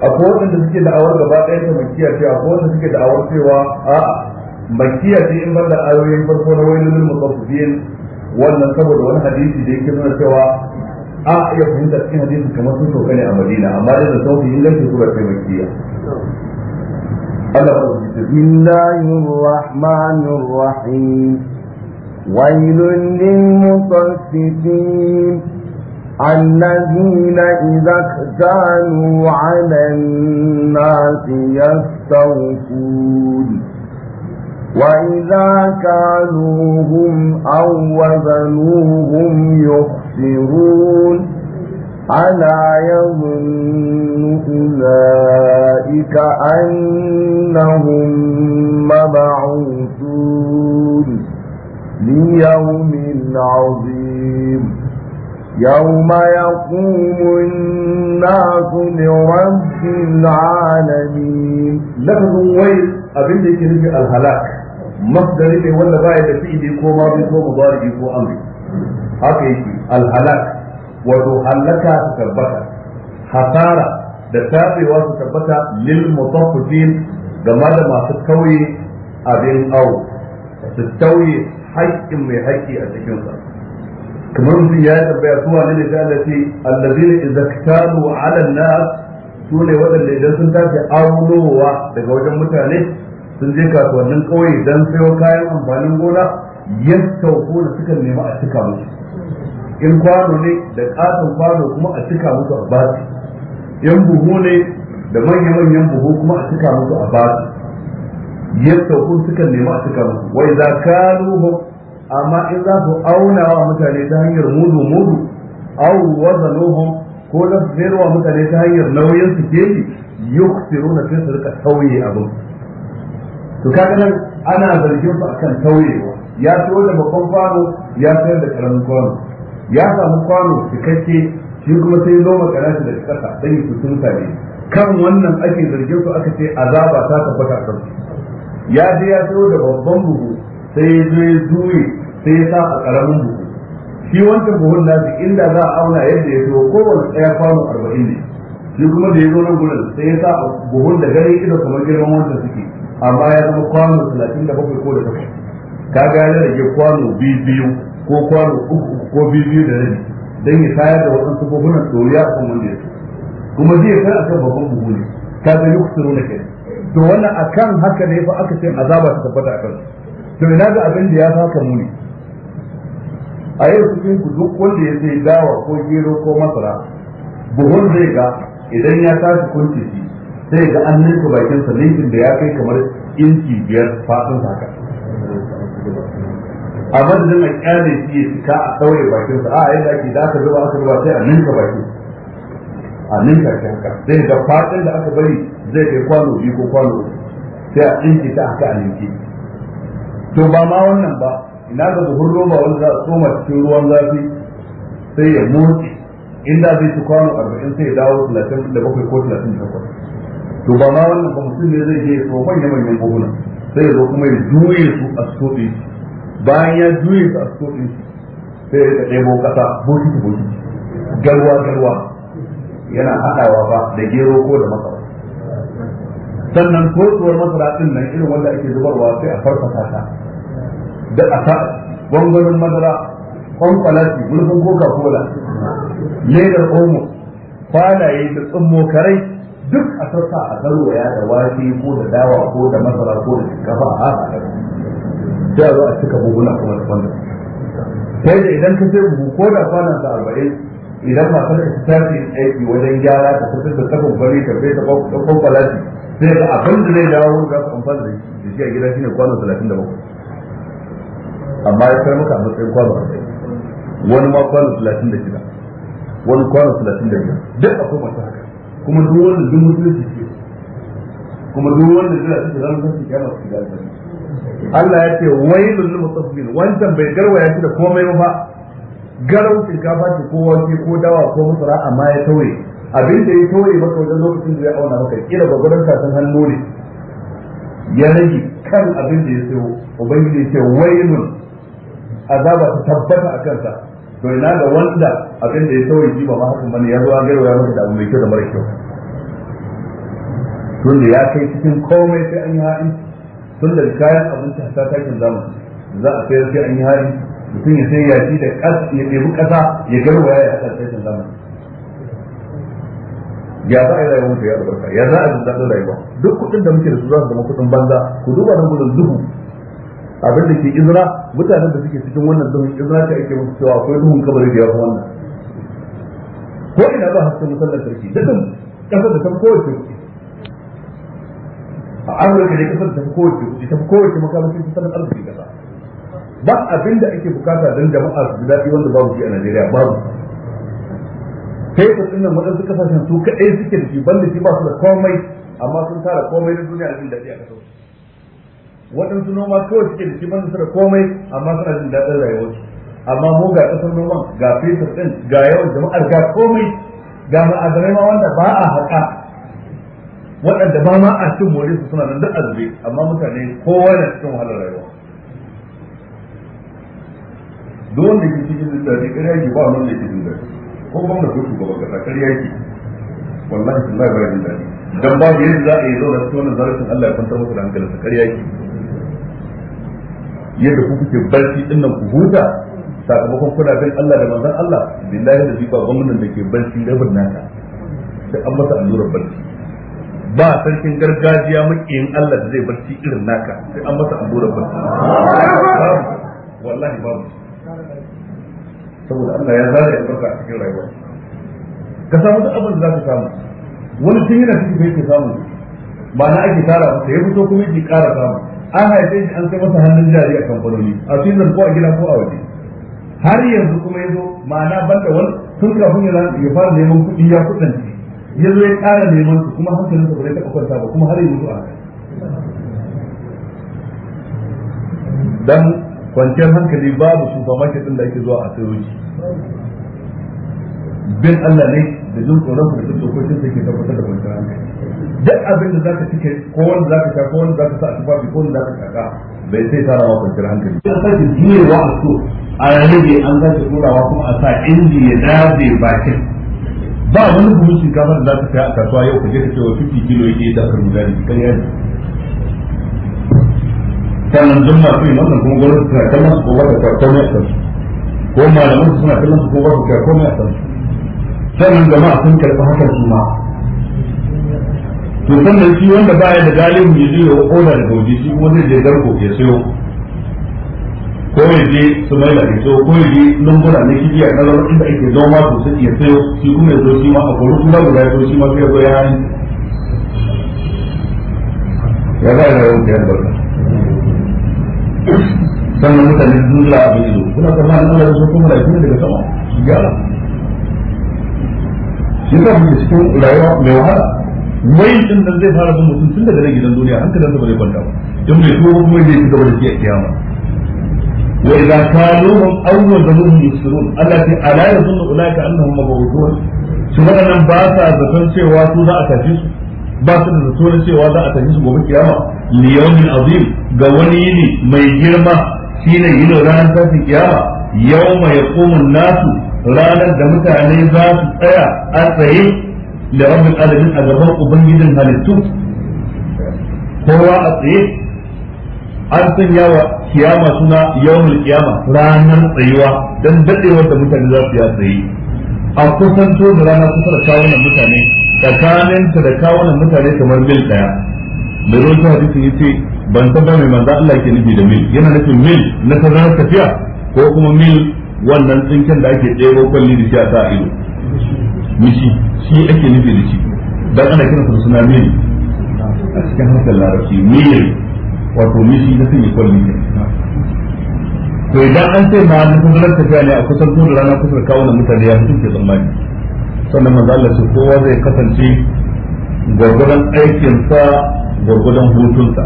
akwai waɗanda suke da'awar gaba ɗaya ta makiya ce akwai waɗanda suke da'awar cewa a makiya ce in da ayoyin farko na wani lulul mutaffifin wannan saboda wani hadisi da yake nuna cewa a iya fahimta cikin hadisi kamar sun soka ne a madina amma da da sauƙi inganci sura ta makiya Allah Bismillahi rahmani rahim. Wailun ويل للمطففين الذين إذا اكتالوا على الناس يستوفون وإذا كالوهم أو وزنوهم يخسرون ألا يظن أولئك أنهم مبعوثون ليوم عظيم يوم يقوم الناس لرب العالمين لفظ ويل أبن لك الهلاك مصدر لي ولا باية فيه كو ماضي كو مضارع كو أمر هكذا الهلاك wato hallaka su tabbata hasara da tabewa su tabbata lil mutaffifin game da masu kauye abin au su tauye haƙƙin mai haƙƙi a cikinsa kamar mutum ya tambaya su wane ne sai Allah ce allazina idza kanu ala an-nas su ne waɗanda idan sun tafi aunowa daga wajen mutane sun je kasuwannin kauye dan sayo kayan amfanin gona yastauku da suka nema a cika musu in kwano ne da katon kwano kuma a cika musu a basu yan buhu ne da manya-manyan buhu kuma a cika musu a basu yastauku suka nema a cika musu wai za kanu amma in za su auna wa mutane ta hanyar mudu mudu wanda wazanuhum ko na wa mutane ta hanyar nauyin su yau yuksiruna na fesa rika tauye abin to kaga nan ana zargin su akan tauyewa ya so da babban kwano ya sayar da karamin kwano ya samu kwano cikakke shi kuma sai loma makara shi daga kasa don yi sun tare kan wannan ake zargin su aka ce azaba ta tabbata kan ya je ya sayo da babban buhu sai ya zo ya juye sai ya sa a karamin buhu shi wancan buhun nasu inda za a auna yadda ya zo kowane ɗaya kwano arba'in ne shi kuma da ya zo nan gudun sai ya sa a buhun da gani ido kamar girman wancan suke amma ya zama kwano talatin da bakwai ko da takwas kaga ya rage kwano biyu biyu ko kwano uku ko biyu biyu da rabi don ya tayar da waɗansu buhunan ɗoriya a kan wanda ya so kuma zai a kan babban buhu ne ka ga kusuru na kai to wannan akan haka ne fa aka ce azaba ta tabbata akan to ina ga abin da ya saka muni a yau cikin ku duk wanda ya sai dawa ko gero ko masara buhun zai ga idan ya tashi kunci shi sai ga an ninka bakin sa ninkin da ya kai kamar inci biyar fatan haka a madadin a kyale shi ya cika a daure bakin sa a da ake da aka zuba aka zuba sai a ninka bakin a ninka shi haka sai ga fatan da aka bari zai kai kwano biyu ko kwano sai a ninki ta haka a ninki to ba ma wannan ba na ga buhun roba wanda za a soma cikin ruwan zafi sai ya motsi inda zai ci kwano arba'in sai ya dawo talatin da bakwai ko talatin da takwas to ba ma wannan ba mutum ne zai je ya so manyan manyan buhuna sai ya zo kuma ya juye su a soɗin bayan ya juye su a soɗin sai ya ɗebo kasa, bokiti bokiti garwa garwa yana haɗawa ba da gero ko da masara sannan tsotsuwar masara ɗin nan irin wanda ake zubarwa sai a farfasa ta da ƙasa gwangwanin madara kwankwalati gulfin coca kola, ledar omo kwalaye da tsummo karai duk a sassa a ya da wake ko da dawa ko da masara ko da shinkafa a haka da zo a cika buhuna kuma da wanda sai da idan ka sai buhu ko da kwanan sa arba'in idan matar ka ta tafi aiki wajen gyara ta fitar da takon fari ta fesa ta kwankwalati sai da abin da zai dawo za amfani da shi a gida shine kwanan talatin da bakwai amma ya kai maka a matsayin kwano wani ma kwano talatin da shida wani kwano talatin da biyar duk akwai masu haka kuma duk wanda duk musulunci ke kuma duk wanda zai su zama sun shiga masu shiga da Allah ya ce wailul lil mutaffifin wancan bai ya ce da komai ba garau shinkafa ce ko wake ko dawa ko masara amma ya tauye abin da ya tauye maka wajen lokacin da ya auna maka kila gwagwaron kasan hannu ne ya rage kan abin da ya sayo ubangiji ya ce wailun azaba ta tabbata a kansa to ina ga wanda abin da ya sauya ji ba ma hakan bane ya zo an gaiwa ya masa da abu mai kyau da mara kyau tun da ya kai cikin komai sai an yi ha'in tun da kayan abinci ta takin zamani za a sayar sai an yi ha'in mutum ya sai ji da kas ya ɗebi ƙasa ya garwa ya hasa takin zamani ya za a yi rayuwar ya albarka ya za a zaɓi rayuwa duk kuɗin da muke da su za su zama kuɗin banza ku duba nan gudun duhu abin da ke izra mutanen da suke cikin wannan zuhun, izra ta ake musu cewa akwai duhun kabari da fi wannan ko ina ba hasken musallar sarki dukkan kasar da ta fi kowace a amurka ne kasar da ta fi kowace ta fi kowace makamakin tattalin arziki kasa ba abin da ake bukata don jama'a su ji daɗi wanda babu shi a najeriya babu sai ku tsinna waɗansu kasashen su kaɗai suke da shi ban da shi ba su da komai amma sun tara komai na duniya a jin daɗi a kasar waɗansu noma kawai suke da shi ban su da komai amma suna jin daɗin su amma mu ga ƙasar noman ga fetur ɗin ga yawan jama'ar ga komai ga ma'adanai ma wanda ba a haƙa waɗanda ba ma a cin more su suna nan da azube amma mutane kowa na cikin wahalar rayuwa duk wanda ke cikin jin daɗi ƙarya ke ba wanda ke jin daɗi ko ban da kotu gaba ƙasa ƙarya ke wallahi sun lai ba jin daɗi dan ba yadda za a yi zo da cikin wannan zarafin Allah ya kwantar musu da hankalin su ƙarya yake yadda ku kuke barci din nan ku huta sakamakon kuna bin Allah da manzon Allah billahi da jiba gwamnatin da ke barci rabin naka sai an masa allurar barci ba sarkin gargajiya makiyin Allah da zai barci irin naka sai an masa allurar barci wallahi babu saboda Allah ya zara ya barka cikin rayuwa ka samu duk abin da za ka samu wani tun yana cikin bai ke samu ba na ake tara sai ya fito kuma yake ƙara samu an haife shi an kai masa hannun jari a kamfanoni a fizar ko a gida ko a waje har yanzu kuma yanzu ma'ana banda wani tun kafin ya fara neman kuɗi ya kuɗin ya zo ya ƙara neman su kuma hankalinsa ba zai taɓa kwanta ba kuma har yanzu a dan kwanciyar hankali babu supermarket din da ake zuwa a sayo shi bin Allah ne da jin tsoron da duk dokokin da ke tabbatar da kwanciyar hankali duk abin da zaka cike ko wanda zaka sha ko wanda zaka sa a tufafi ko wanda zaka kaka bai sai tara kan kwanciyar hankali sai sake jirewa a su a da an zaka wa kuma a sa inji ya dace bakin ba wani buhun shinkafa da zaka kai a kasuwa yau ka ce wa 50 kilo yake da kan rubuta kai yanzu sannan duk masu yin wannan kuma gwamnati suna kallon su ko wata karkar mai kansu ko malaman suna kallon su ko wata karkar mai kansu sannan jama'a sun karɓi hakan su ma to sannan shi wanda baya da galibi ya je ya oda da gobe shi kuma zai je garko ya sayo ko ya je su mai da ya sayo ko ya je lunguna na kibi a kasar inda ake ma su sai ya sayo shi kuma ya zo shi ma a koro kuma guda ya zo shi ma sai ya zo ya za a yi rayuwar biyar barka sannan mutane sun zula abin ido kuna tsammanin Allah ya so kuma da kuma daga sama gyara shi ta fi cikin rayuwa mai wahala mai din da zai fara bin mutum tun daga nan gidan duniya an kada ba zai kwanta ba in bai tuwo kuma zai ci gaba da shi a kiyama wa idza kaluhum aw wazanuhum yusrun Allah ta ala yazunnu ulaika annahum mabghutun su wadannan ba sa zaton cewa su za a tafi su ba su da zato na cewa za a tafi su gobe kiyama li yawmin azim ga wani yini mai girma shine yinin ranar tafi kiyama yawma yaqumun nasu ranar da mutane za su tsaya a tsaye da rabbin alamin a gaban ubangijin halittu kowa a tsaye an sanya wa kiyama suna yawmul kiyama ranar tsayuwa don dadewar da mutane za su ya tsaye a kusanto da rana kusa da kawunan mutane tsakaninta da kawunan mutane kamar mil ɗaya da ruwan hadisin yace ban san mai maza Allah ke nufi da mil yana nufin mil na tazarar tafiya ko kuma mil wannan tsinken da ake tsero kwalli da shi a ido mishi shi ake nufi da shi dan ana kiransa da suna miri a cikin harkar larabci miri wato mishi na yi kwalli ne to idan an ce ma na kusurar tafiya ne a kusan gudu rana kusur kawo na mutane ya fi ke tsammani sannan manzo Allah ce kowa zai kasance gwargwadon aikinsa gwargwadon hutunsa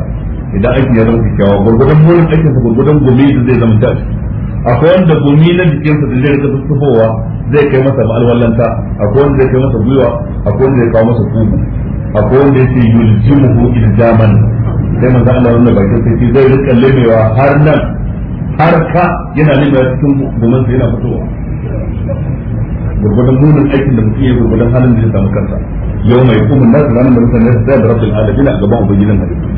idan aiki ya zama kyakkyawa gwargwadon wurin aikinsa gwargwadon gumi da zai zama tashi akwai wanda gumi na jikinsa da zai rika tsufowa zai kai masa ma'alwallanta akwai wanda zai kai masa gwiwa akwai wanda zai kawo masa kugu akwai wanda yake yuljimuhu iljaman sai manzo Allah wannan bakin sai zai rika lemewa har nan har ka yana lemewa cikin gumin sa yana fitowa gurgudan munin aikin da mutum ya gurgudan halin da ya samu kansa yau mai kuma nasu ranar da mutane zai da rabbil alamin a gaban ubangijin halittu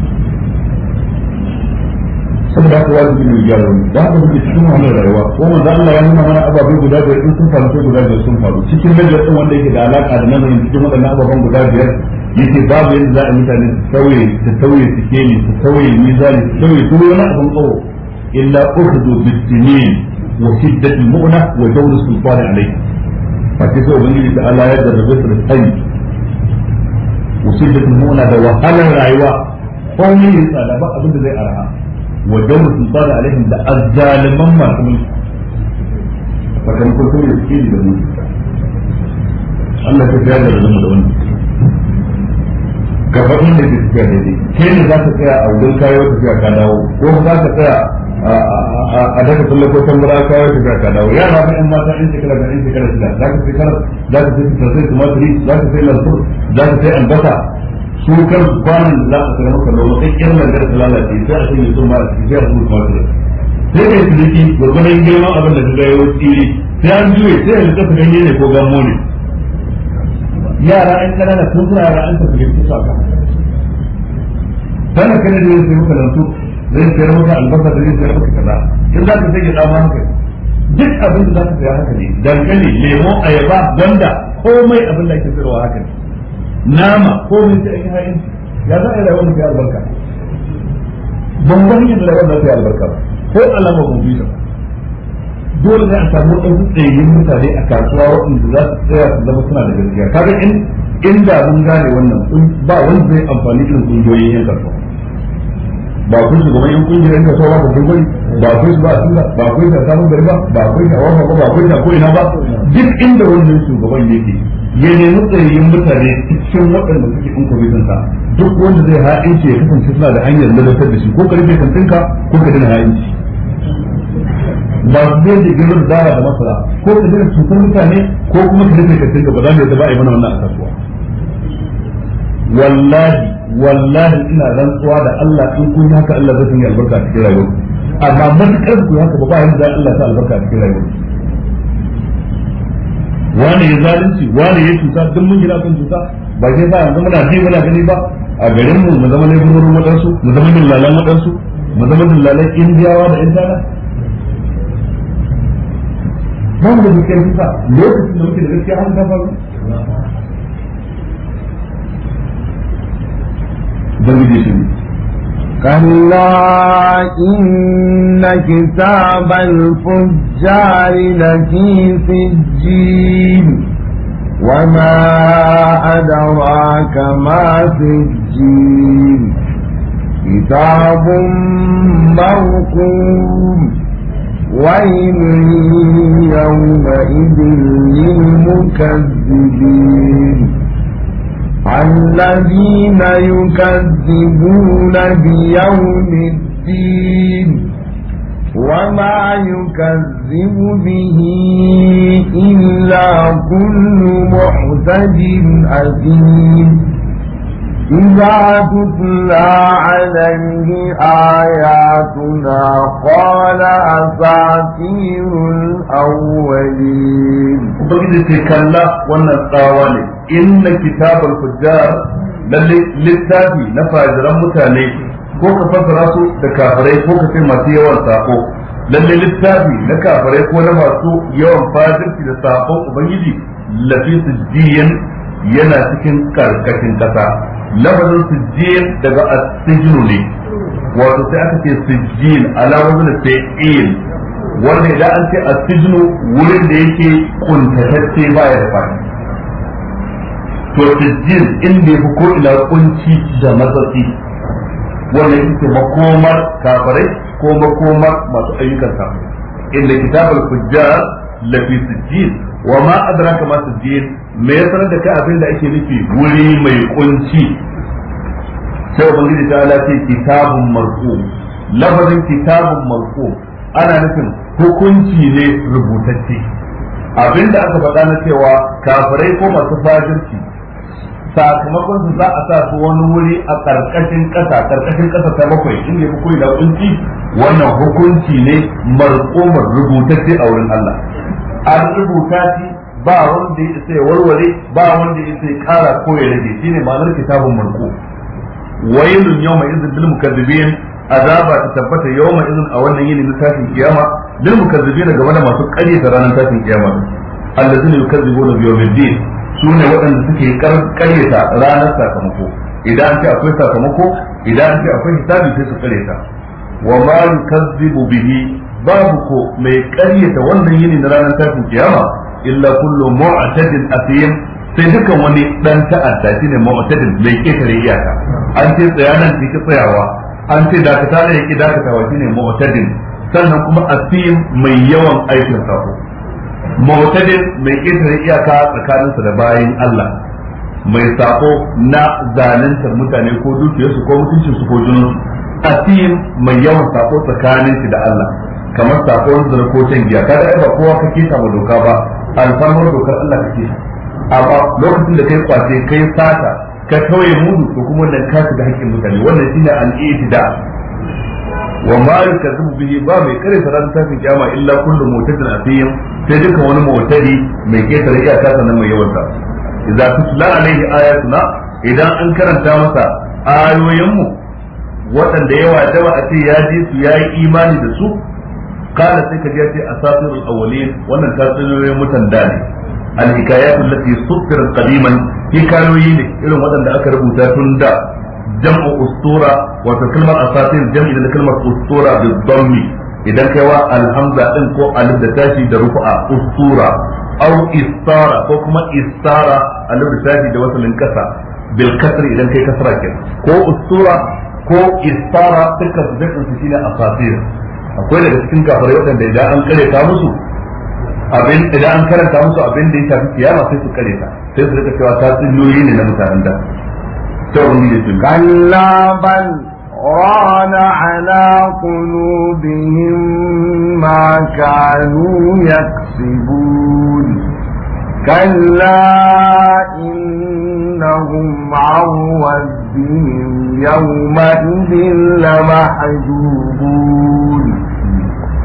saboda haka wajibi ne gyara wani da haka muke cikin wannan rayuwa ko manzo Allah ya nuna mana ababai guda biyar in sun faru sai guda biyar sun faru cikin nazarin din wanda yake da alaƙa da nazarin cikin waɗannan ababan guda biyar yake babu yadda za a mutane su sauye su sauye sikeli su sauye mizani su sauye duk wani abin tsawo illa uhdu bisinin wa shiddatil mu'na wa dawlu sultan alayhi fa sai ubangiji da Allah ya jarrabe su da tsayi wa shiddatil mu'na da wahalar rayuwa komai ya tsada ba abin da zai araha wa dawlu sultan alaihim da azzaliman masu mulki sakamakon sun da suke da mulki Allah ta tafiya da zama da wannan gaba da ke tafiya daidai Ke ne za ta tsaya a wurin kayo tafiya ka dawo ko za ka tsaya a daga sallar ko tambara kayo tafiya ka dawo yara ba in mata in shekara da in shekara shida za ka sai karas za ka sai tattasai tumatiri za ka sai lantur za ka sai albasa su kan kwanan da za a kira maka da wata kyan nagar ta lalace sai a sanya sun mara ciki sai a kuma kwanan sai kai yi liki gwagwanin girma abin da ta ga yawon tsiri sai an juye sai a lissa ganye ne ko gamo ne yara an kanana sun suna yara an tafi da kusa ka sannan kana da yin sai maka lantu zai sayar maka albasa da zai sayar maka kaza in za ka sai ya dama haka duk abin da za ka saya haka ne dankali lemo ayaba gwanda komai abin da ake sayarwa haka ne nama ko min sai an yi hayin ya za a yi rayuwar da albarka ban ban yin rayuwar da ta albarka ba ko alama ko bi dole ne a samu ɗan tsayayyun mutane a kasuwa waɗanda za su tsaya su zama suna da gaskiya kaga in da mun gane wannan ba wanda zai amfani irin kungiyoyin yin kasuwa ba kun shiga gaban yan kungiyar yin kasuwa ba kun gani ba kun shiga ba sunna ba kun shiga a samun gari ba ba kun shiga a ba ba kun shi ko ina ba duk inda wannan shugaban yake ya nemi tsayayyen mutane cikin waɗanda suke in kwamitin sa duk wanda zai ha'inci ya kasance suna da hanyar lalatar da shi ko ka rufe kantinka ko ka dina ha'inci ba su zai je gano da dara da masara ko ka dina cutar mutane ko kuma ka rufe kantinka ba za mu yadda ba a yi mana wannan a kasuwa wallahi wallahi ina rantsuwa da Allah in kun yi haka Allah zai yi albarka a cikin rayuwa amma matukar ku haka ba ba yadda Allah ta albarka a cikin rayuwa wani ya zalunci wani ya cuta duk mun gina kan cuta ba sai sa yanzu muna ji muna gani ba a garin mu mu zama ne laifurorin waɗansu mu zama dillalan waɗansu mu zama dillalan indiyawa da yan tana ba mu da gaskiya cuta lokacin da muke da gaskiya an ta faru ubangiji shi ne كلا إن كتاب الفجار لفي سجين وما أدراك ما سجين كتاب موقوم ويل يومئذ للمكذبين الذين يكذبون بيوم الدين وما يكذب به إلا كل معتد أثيم إذا تتلى عليه آياتنا قال أساطير الأولين. بغيت كلا ونساوالي inna kitabal fujjar lalle littafi na fajiran mutane ko ka fassara su da kafirai ko ka ce masu yawan sako lalle littafi na kafirai ko na masu yawan fajirci da sakon ubangiji lafi sujjiyin yana cikin karkashin kasa lafazin sujjiyin daga asijinu ne wato sai aka ce sujjiyin ala wazin sa'il wanda idan an ce asijinu wurin da yake kuntatacce baya da fadi to sijjin inda yafi ko ina kunci da wanda wannan ita makomar kafirai ko makomar masu ayyukan kafirai inda kitabul fujjar lafi sijjin wa ma adraka ma sijjin me ya sanar da kai abin da ake nufi wuri mai kunci sai ubangiji ta ala ce kitabun marqum lafazin kitabun marqum ana nufin hukunci ne rubutacce abinda aka faɗa na cewa kafirai ko masu fajirci sakamakon su za a sa su wani wuri a karkashin kasa karkashin kasa ta bakwai in ne koyi da hukunci wannan hukunci ne marqumar rubutacce a wurin Allah an rubuta shi ba wanda ya sai warware ba wanda ya sai kara ko ya rage shine ma'anar kitabun marqu wailun yawma idzin lil mukazzibin azaba ta tabbata yawma idzin a wannan yini na tashin kiyama lil mukazzibin ga wanda masu ƙarya ranar tashin kiyama allazina yukazzibuna biyawmiddin su ne waɗanda suke karyata ranar sakamako idan an ce akwai sakamako idan an ce akwai hisabi sai su karyata wa ma yukazzibu bihi babu ko mai karyata wannan yini na ranar tashin kiyama illa kullu mu'tadin asim sai dukan wani dan ta'adda shine mu'tadin mai ketare iyaka an ce tsayanan ki tsayawa an ce dakata ne ki dakatawa shine mu'tadin sannan kuma asim mai yawan aikin sako mutadin mai ƙetare iyaka tsakaninsa da bayan Allah mai sako na zalantar mutane ko dukiyarsu ko mutuncinsu ko junansu asim mai yawan sako tsakanin da Allah kamar sako zura ko can giya kada ba kowa ka kisa ba doka ba alfarmar dokar Allah kisa amma lokacin da kai kwace kai sata ka tawaye mudu ko kuma wannan ka da hakkin mutane wannan shine al wa ma yakzibu bihi ba mai kare sarar tafin kiyama illa kullu mutadin afiyim sai dukkan wani mutadi mai ketare iyaka nan mai yawan sa idza tutla alaihi ayatuna idan an karanta masa ayoyinmu waɗanda yawa dama a ce ya ji su ya yi imani da su kala sai ka ji ce asafirul awwalin wannan tasirorin mutan da ne al-hikayat allati suffirat qadiman hikayoyi ne irin waɗanda aka rubuta tun da jam'u ustura wato kalmar asatir jam'i da kalmar ustura bi dhammi idan kai wa alhamza din ko alif da tashi da rufa ustura aw istara ko kuma istara alif da tashi da wasalin kasa bil idan kai kasra kenan ko ustura ko istara dukkan su dukkan su shine asatir akwai daga cikin kafirai waɗanda idan an kare ta musu idan an karanta musu abin da ya shafi kiyama sai su kare ta sai su rika cewa ta tsinyoyi ne na mutanen da كلا بل ران على قلوبهم ما كانوا يكسبون كلا إنهم عن ربهم يومئذ لمحجوبون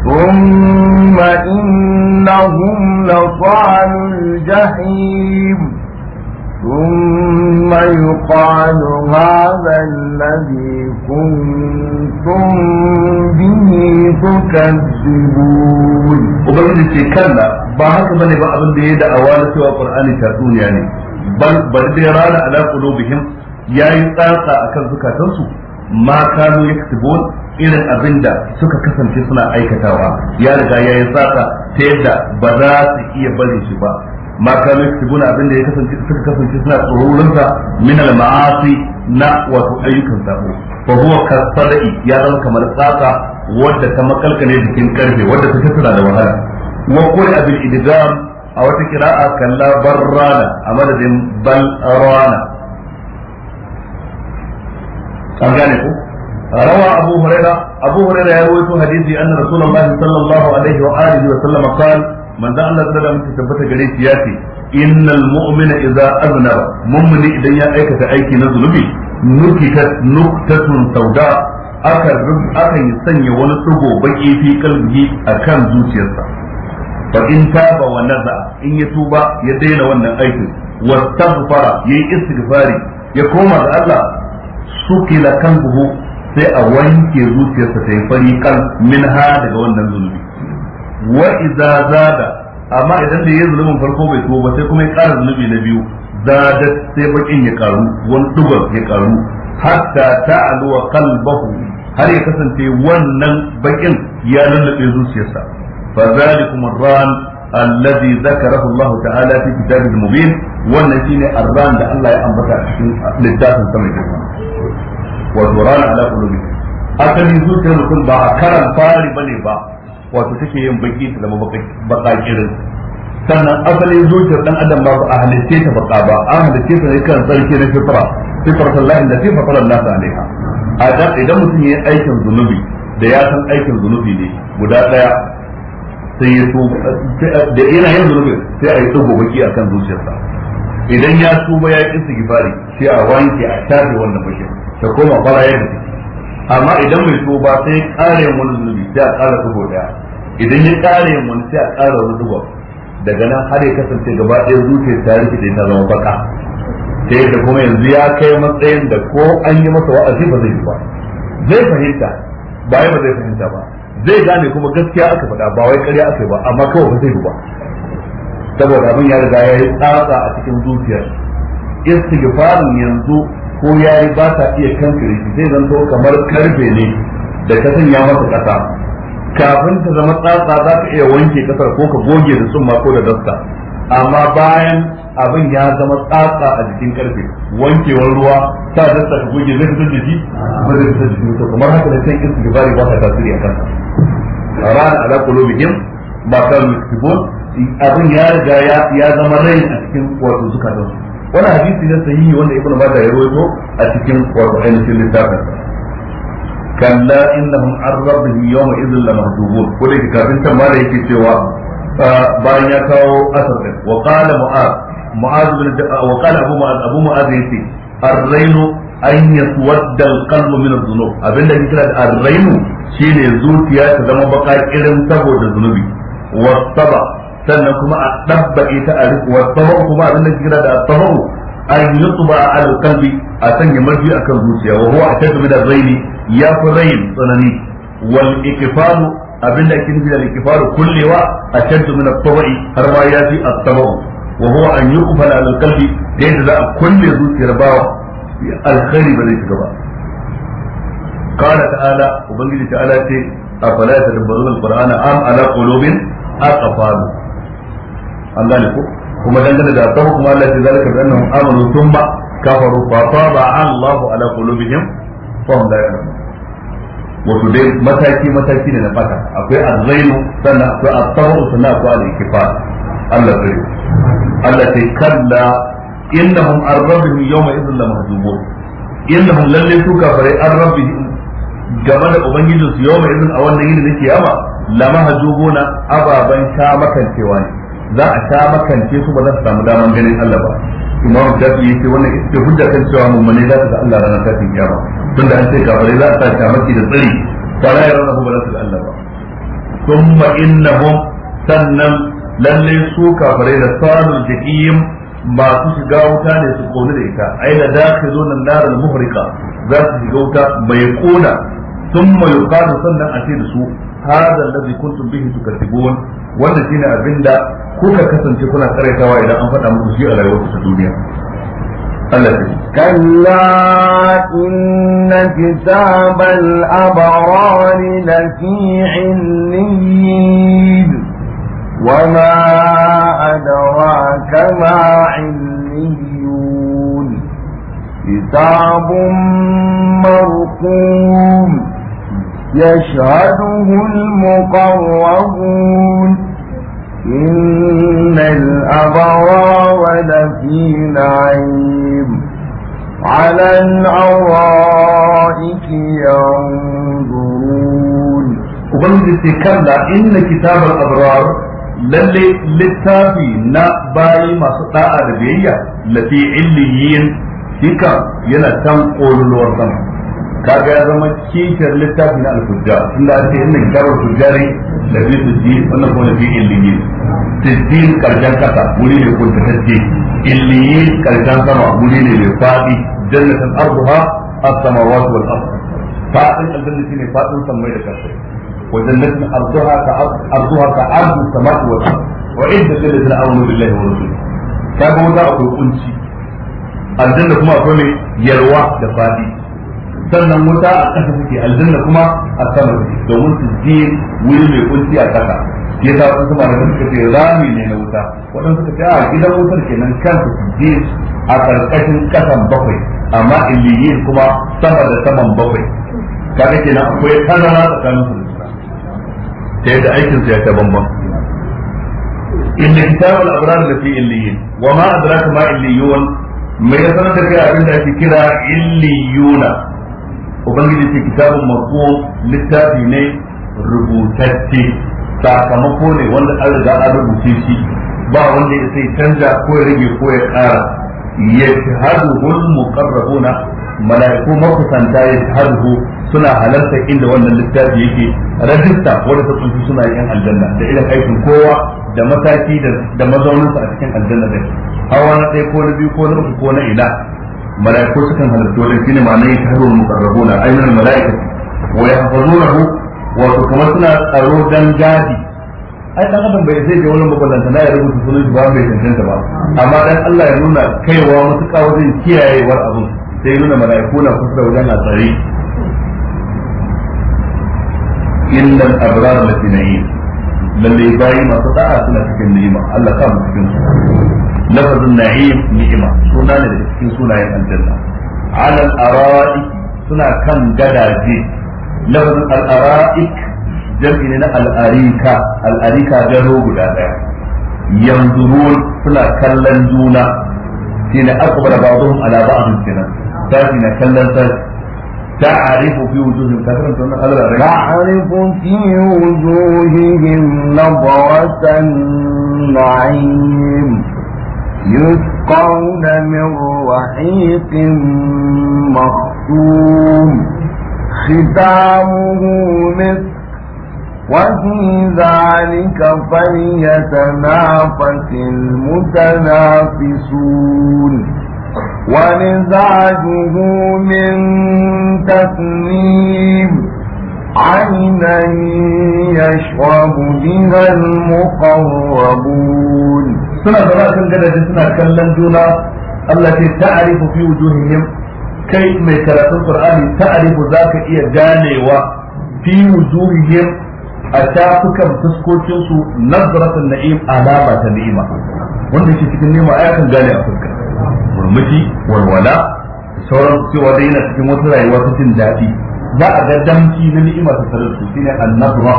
ثم إنهم لصال الجحيم ثم يقال هذا الذي كنتم به تكذبون وبالذي كلا ba haka bane ba abin da ya da awala cewa qur'ani tatsuniya ne bal bal da rana ala qulubihim yayi tsatsa akan zukatansu ma kanu yaktubun irin abin da suka kasance suna aikatawa ya riga ya yi sata ta yadda ba za su iya bari shi ba ma kanu yaktubuna abinda ya kasance suka kasance suna tsoron sa min al ma'asi na wato ayyukan sabo fa huwa kasadai ya zama kamar tsaka wadda ta makalkane jikin karfe wadda ta tsira da wahala wa qul abil idgam a wata kira'a kalla barrana a madadin bal rana an gane ku? Rawa روى huraira هريرة huraira ya يروي حديث أن رسول الله صلى الله عليه wa وسلم قال manzo Allah sallallahu alaihi tabbata gare shi ya ce innal mu'mina idza azna mu'mini idan ya aikata aiki na zunubi nukitat nuktatun sauda aka aka yi sanya wani sugo baki fi kalbi akan zuciyarsa fa in taba wa naza in ya tuba ya daina wannan aikin wastaghfara yayi istighfari ya koma ga Allah sukila kalbuhu sai a wanke zuciyarsa ta yi fari kan minha daga wannan zunubi wa idza zada amma idan da yayi zulumin farko bai so ba sai kuma ya ƙara zulubi na biyu zada sai bakin ya karu wani dubar ya karu hatta ta'alu wa qalbahu har ya kasance wannan bakin ya lullube zuciyarsa fa zalikum ar-ran alladhi zakarahu Allah ta'ala fi kitabihi al-mubin wannan shine ar-ran da Allah ya ambata a cikin littafin sa mai girma wa turana ala qulubi asali zuciyar mutum ba a karan fari bane ba wato take yin baki ta zama baka sannan asalin zuciyar dan adam ba a halitta ta baka ba an halitta ta ne kan tsarki na fitra fitratan lahi da fi fatara Allah alaiha a da idan mutum yayi aikin zunubi da ya san aikin zunubi ne guda daya sai ya so da yana yin zunubi sai a yi tsogo baki akan zuciyarsa idan ya tuba ya yi istighfari sai a wanke a tafi wannan bakin ta koma fara yadda take amma idan mai tuba sai ya kare mun zubi sai a kara dubo daya idan ya kare mun sai a kara wani dubo daga nan har ya kasance gaba ɗaya zuke ta rike ta zama baka sai da kuma yanzu ya kai matsayin da ko an yi masa wa'azi ba zai yi ba zai fahimta ba ba zai fahimta ba zai gane kuma gaskiya aka faɗa ba wai ƙarya aka yi ba amma kawai ba zai yi ba saboda abin ya riga ya yi tsatsa a cikin zuciyar istighfarin yanzu ko yi ba ta iya kankare shi zai zanto kamar karfe ne da ka sanya masa kasa kafin ta zama tsatsa za ka iya wanke kasar ko ka goge da sun ko da dasta amma bayan abin ya zama tsatsa a jikin karfe wankewar ruwa ta dasta ka goge zai fitar da shi ba zai fitar da shi to kamar haka ne sai istighfari ba ta tasiri a kansa ran ala qulubihim ba kan lusibon abin ya riga ya zama rai a cikin wato zukatansu wani hadisi ne sahihi wanda ibnu majah ya rawaito a cikin wato ainihin littafin kalla innahum an rabbihim yawma idhil lamahjubun ko da kafin can ma da yake cewa ah, bayan ya kawo asar din wa qala mu'az mu'az bin wa qala abu mu'az abu mu'az yace ar-rainu an yaswadda al-qalbu min adh-dhunub abinda yake kira da ar-rainu shine zuciya ta zama baka irin saboda zunubi wa saba sannan kuma a dabbake ta a rikuwa tsawon kuma abin da kira da tsawon an yi tsuba a alƙalbi a sanya mafi akan zuciya wa huwa a shaidu da raini ya fi rain tsanani wal ikifaru abin da ake nufi da ikifaru kullewa a shaidu min tsawa'i har ma ya fi a tsawon wa huwa an yi kufala alƙalbi da yadda za a kulle zuciyar bawa alkhairi ba zai shiga ba قال تعالى وبنجي تعالى أفلا يتدبرون القرآن أم على قلوب أقفالهم Allah ne ko kuma dangane da asahu kuma Allah ya zalika bi annahum amanu thumma kafaru fa taba Allahu ala qulubihim fa hum la ya'lamun wato dai mataki mataki ne na fata akwai azzainu sannan akwai asahu sannan akwai al-ikifa Allah sai Allah sai kalla innahum an rabbihim yawma idhin la mahzubun innahum lalle su kafirai an game da ubangijinsu yawma idhin a wannan yini na kiyama la mahzubuna ababan kamakancewa ne za a ta makance su ba za su samu daman ganin Allah ba imamu shafi ya ce wannan ita hujja kan cewa mummune za su ga Allah ranar tashin kiyama tunda an ce kafare za a sa shamaki da tsari ba la yarana ba za su ga Allah ba thumma innahum sannan lalle su kafare da sanul jahim masu shiga wuta ne su kone da ita ai la dakhiluna an-nar muhrika za su shiga wuta mai kona thumma yuqalu sannan a ce da su hadha alladhi kuntum bihi tukadzibun wannan shine abinda kuka kasance kuna tsaraitawa idan an faɗa muku shi a rayuwar ta duniya Allah ya kalla inna kitabal abrar lafi illiyin وما أدراك ما عليون كتاب مرقوم يشهده المقربون إن الأبرار لفي نعيم على الأرائك ينظرون وقلت تكلم إن كتاب الأبرار للي للتابي نأباي ما ستاء ربيعية التي عليين تكا ينتم قول الورطان kaga ya zama kishiyar littafin na al-fujjar inda ake ce inna kitabar fujjari da bi sujjin wannan kuma da bi illiyin sujjin karshen kasa wuri ne kuntatacce illiyin karshen sama wuri ne mai fadi jannatin arduha as-samawati wal ard fadin aljanna shine fadin samai da kasai wa jannatin arduha ka arduha ka ardu samawati wal ard wa idda lil ladina amanu billahi wa rasulihi kaga wanda akwai kunci aljanna kuma akwai yalwa da fadi sannan wuta a ƙasa take aljanna kuma a sama domin su je wuri mai kunci a ƙasa ke ta wasu sama da suka ce rami ne na wuta waɗansu suka ce a ah, gidan wutar kenan kansu su je a ƙarƙashin ƙasan bakwai amma iliyin kuma sama da saman bakwai kaga kenan akwai tazara tsakanin su ta yadda aikin su ya ta bambam inna kitabul abrar da fi illiyin wa ma adraka ma illiyun mai sanar da kai abin da ake kira illiyuna ubangiji ce kitabun marfu littafi ne rubutacce sakamako ne wanda an riga an rubuce shi ba wanda ya sai canja ko ya rage ko ya ƙara ya shahadu muqarrabuna mala'iku makusanta ya shahadu suna halarta inda wannan littafi yake rajista wanda ta tsunci suna yin aljanna da irin aikin kowa da mataki da mazauninsa a cikin aljanna din hawa na ɗaya ko na biyu ko na uku ko na ina mala'iku sukan halarta wajen shine ma'anar yin tahrul muqarrabuna ayyul mala'ika wa ya yahfazunahu wato kuma suna tsaro dan gadi ai dan adam bai sai ga wannan babban na ya rubuta sunan shi ba bai tantance ba amma dan Allah ya nuna kaiwa mutuka wajen kiyayewar abu sai nuna mala'iku na kusa wajen a tsare illa al-abrar lafi na'im lalle bayi masu da'a suna cikin ni'ima Allah ka mu cikin su لفظ النعيم نعمة سنة في سنة الجنة على الأرائك سنة كم جدا جيد لفظ الأرائك جمعنا الأريكة الأريكة جنوب قد ينظرون سنة كلن دون سنة أكبر بعضهم على بعض سنة سنة كلن تعرف في وجوههم كثرة تعرف في وجوههم نظرة النعيم يسقون من رحيق مختوم ختامه مسك وفي ذلك فليتنافس المتنافسون ونزعجه من تسليم عينا يشرب بها المقربون suna zama kan gadaje suna kallon juna Allah ce ta'arifu fi wujuhihim kai mai karatun Qur'ani ta'arifu zaka iya ganewa fi wujuhihim a tafukan fuskokin su nazaratan na'im alama ta ni'ima wanda yake cikin ni'ima ai kan gane a fuska murmushi walwala sauran cewa dai yana cikin wata rayuwa ta jin daɗi za a ga damki na ni'ima ta tare su shine annabra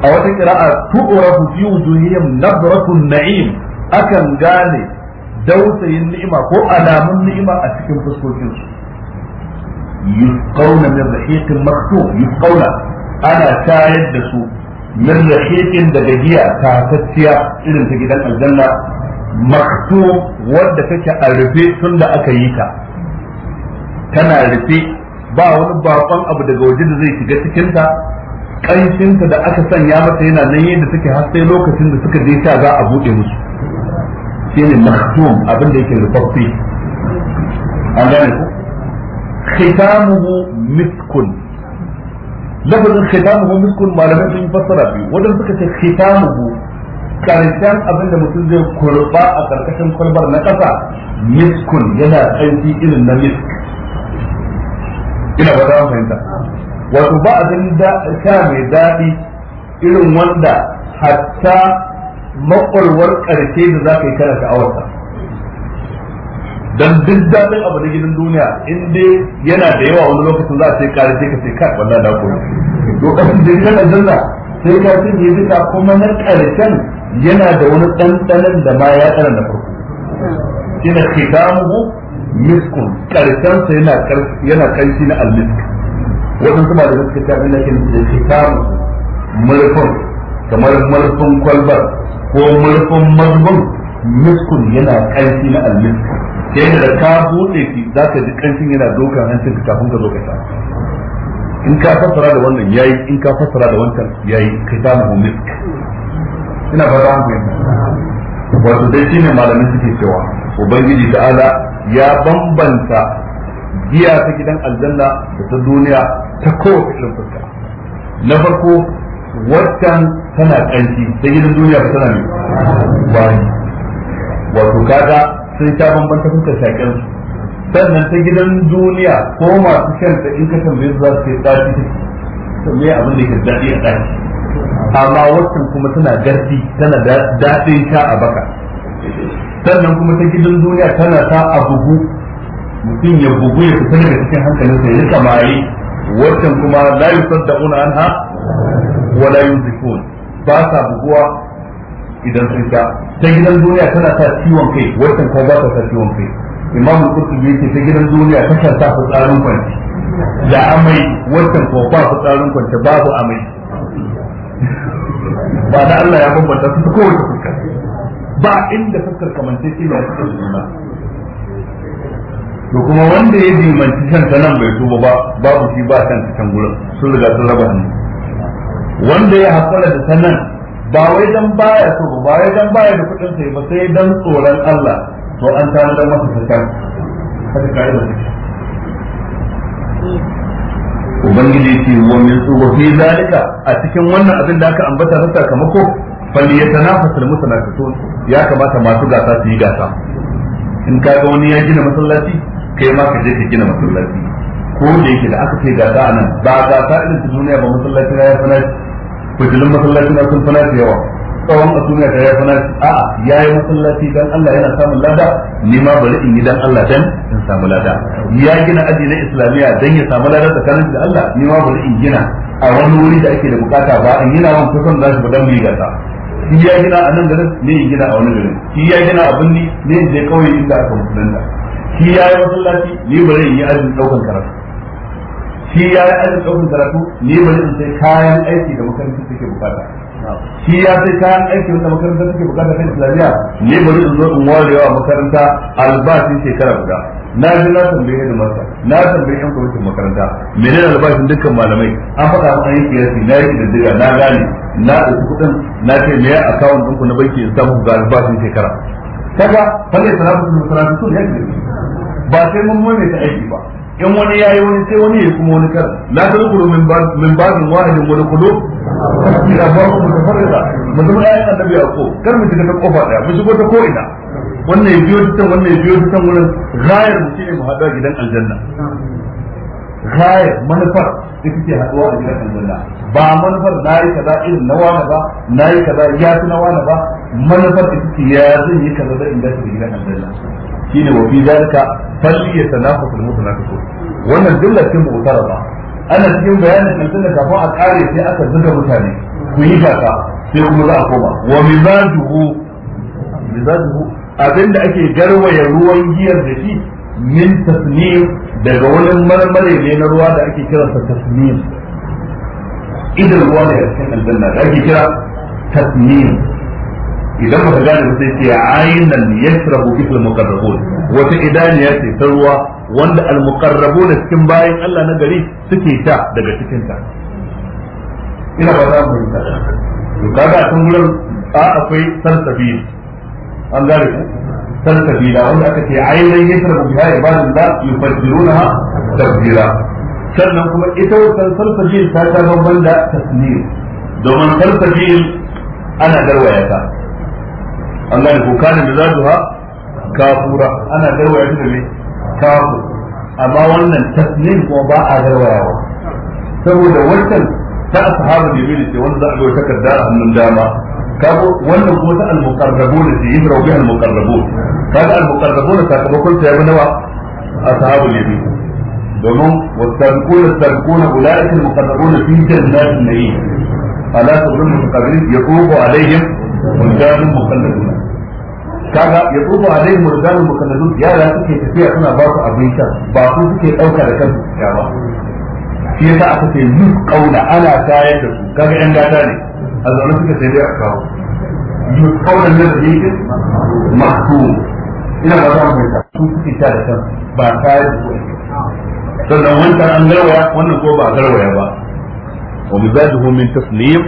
a wata qira'a tu'rafu fi wujuhihim nazratun na'im akan gane dausayin ni'ima ko alamun ni'ima a cikin fuskokin su yusqawna min rahiqin maktum yusqawna ana tayar da su min rahiqin daga giya tatacciya irin ta gidan aljanna maktum wanda take a rufe tun da aka yi ta tana rufe ba wani bakon abu daga waje da zai shiga cikin ta da aka sanya mata yana nan yadda take har sai lokacin da suka je ta za a bude musu shine makhtum abin da yake rubabbe an gane ku khitamuhu miskun lafazin khitamuhu miskun malamai sun fassara bi wadanda suka ce khitamuhu karshen abin da mutum zai kurba a karkashin kwalbar na kasa miskun yana tsanci irin na misk ina ba za mu fahimta wato ba abin da sha mai daɗi irin wanda hatta makwalwar ƙarshe da za ka yi kana sha'awarsa Don duk daɗin abu da gidan duniya in dai yana da yawa wani lokacin za a sai ƙarshe ka sai kai wallahi da ko lokacin da yana zanna sai ka sun yi duka kuma na karshen yana da wani ɗanɗanon da ma ya tsara na farko ina kitamuhu miskun ƙarshen sa yana yana ƙarfi na almisk Waɗansu ba da suka ta abin da ke da kitamu kamar murfin kwalbar ko murfin mazmun miskun yana ƙarfi na almisk sai da ka buɗe shi za ka ji ƙarfin yana dokan hancin ka kafin ka zo ka sha in ka fassara da wannan yayi in ka fassara da wancan yayi kai ta mu misk ina fata an fahimta wato dai shine malamin suke cewa ubangiji ta'ala ya bambanta giya ta gidan aljanna da ta duniya ta kowace irin fuska na farko waccan. tana ƙarfi sai gidan duniya ba tana mai wani wato kaga sun ta bambanta ta fuskar shaƙen su sannan ta gidan duniya ko masu shan in ka tambaye su za su yi tsafi to me abin da ke daɗi a ɗaki amma wancan kuma tana garfi tana daɗin sha a baka sannan kuma ta gidan duniya tana sa a bugu mutum ya bugu ya fita daga cikin hankalin hankalinsa ya samaye maye wancan kuma la yusaddauna anha wala yunzifun ba sa buguwa idan sun sha ta gidan duniya tana sa ciwon kai wancan ko ba ta sa ciwon kai imam al-qurtubi yake ta gidan duniya tana ta fitsarin kwanci da amai wancan ko ba fitsarin kwanci babu amai ba da Allah ya bambanta su kowace fuska ba inda fuskar kamance shi ne cikin juna to kuma wanda ya dimanci shan ta nan bai tuba ba babu shi ba kan ta can gurin sun riga sun raba hannu wanda ya haƙura da sanan ba wai dan baya so ba wai dan baya da kuɗin sai ba sai dan tsoron Allah to an tana da masa zakka haka kai da ubangiji ce wa min wa fi zalika a cikin wannan abin da aka ambata na sakamako fal yatanafasul mutanafisun ya kamata masu gasa su yi gasa in ka ga wani ya gina masallaci kai ma ka je ka gina masallaci ko da yake da aka ce gasa anan ba gasa irin su duniya ba masallaci na ya sanar fitilun masallaci na sun fana da yawa tsawon a suna ta ya fana a ya yi masallaci dan Allah yana samun lada ni ma bari in yi dan Allah dan in samu lada ya gina aji na islamiyya dan ya samu lada tsakanin da Allah ni ma bari in gina a wani wuri da ake da bukata ba in gina wani kusan za su ba dan yi gasa shi ya gina a nan garin ne ya gina a wani garin shi ya gina a birni ne ya je kauye inda aka musulunta shi ya yi masallaci ni bari in yi aji daukan karatu shi ya yi aikin ɗaukar karatu ne bari in sai kayan aiki da makarantar ke bukata shi ya sai kayan aiki da makarantar take bukata kan islamiyya ne bari in zo in wa makaranta albashin shekara guda na ji na tambaye da masa na tambaye yan kwamitin makaranta menene albashin dukkan malamai an faɗa mun yi kiyasi na yi diddiga na gane na ɗauki kuɗin na ce me ya akawun ɗinku na banki in samu ga albashin shekara kaga fa ne sanatu sanatu sun yake ba sai mun ta aiki ba in wani ya yi wani sai wani ya kuma wani kar la tadkhulu min ba min bab wahid wa dkhulu ila bab mutafarrida mun zama ayan annabi ko kar mu shiga ta kofa daya mu shigo ta ko ina wannan ya biyo ta wannan ya biyo ta wurin gayar mu shine mu hada gidan aljanna gayar manufar da kike haduwa a gidan aljanna ba manufar yi kaza irin na wani ba nayi kaza ya fi na wani ba manufar da kike ya zan yi kaza da inda da gidan aljanna shine wa fi zalika falli yatanafasul mutanafisun wannan jumla ce mu'tarada ana cikin bayanin nan tunda kafin a kare sai aka zuga mutane ku yi kaka sai kuma za a koma wa mizajuhu mizajuhu abinda ake garwaya ruwan giyar da shi min tasnim daga wani marmari ne na ruwa da ake kiransa tasnim idan ruwa da cikin aljanna da ake kira tasnim idan ba gane ba sai ce aynan yashrabu bihi al-muqarrabun wata idaniya ce ta ruwa wanda al-muqarrabun cikin bayan Allah na gari suke sha daga cikin ta ina ba za mu ta to kaga tun gurin a akwai sarsabi an gane ku sarsabi da wanda aka ce aynan yashrabu biha ibadullah yufajjirunaha tabjira sannan kuma ita wannan sarsabi ta ta banda tasnir domin sarsabi ana garwaya ta Allah da kokana da ha? kafura ana garwaya shi da me kafu amma wannan tasnin kuma ba a garwayawa saboda wancan ta ashabu yamin ce wanda za a ga takarda a hannun dama kago wannan kuma ta al-muqarrabun da yin rawi al-muqarrabun kaga al-muqarrabun sakamakon ta yabi nawa A ashabu yamin domin wasabiqun as-sabiqun ulaika al-muqarrabun fi jannatin na'im ala sabrun mutaqabilin yaqubu alaihim mulkanun mukalladuna kaga ya tsufa alaihi mulkanun mukalladun yara suke tafiya suna ba su abin sha ba su suke ɗauka da kansu ya ba shi yasa aka ce yi kauna ana tayar da su kaga yan gata ne a zaune suka sai dai a kawo yi kauna na da yake masu ina ba za mu fahimta su suke sha da kansu ba tayar da su sannan wancan an garwaya wannan ko ba a garwaya ba wa mizajuhu min taslim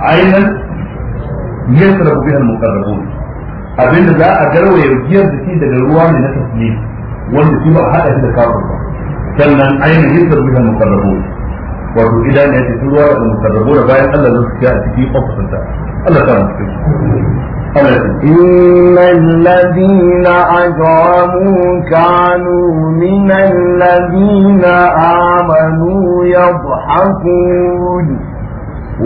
عينا يسرب بها المقربون أبين ذا أجل ويجير بسي دل من التسليم والمسيب أحد أهد كافر سلنا أين يسرب بها المقربون وهو إذا نأتي في الروام المقربون بايا ألا نسكي أتكي قفصة الله تعالى إن الذين أجرموا كانوا من الذين آمنوا يضحكون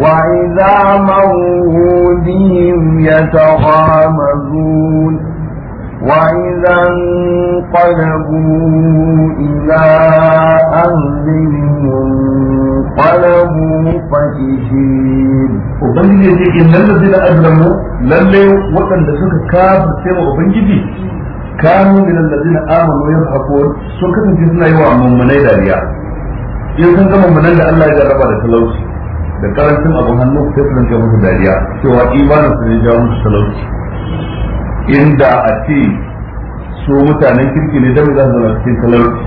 وإذا موهودهم يتغامزون وإذا انقلبوا إلى أهلهم انقلبوا فكهين Ubangiji ne in nan da zina azlamu lalle waɗanda suka kafa sai wa Ubangiji kanu ne nan da zina amano ya haƙo sun kasance suna yi wa mummunai dariya in sun ga da Allah ya jarraba da talauci da karancin abin hannu sai su zanke musu dariya cewa imanin su ne jawo musu talauci inda a ce su mutanen kirki ne dan za su zama cikin talauci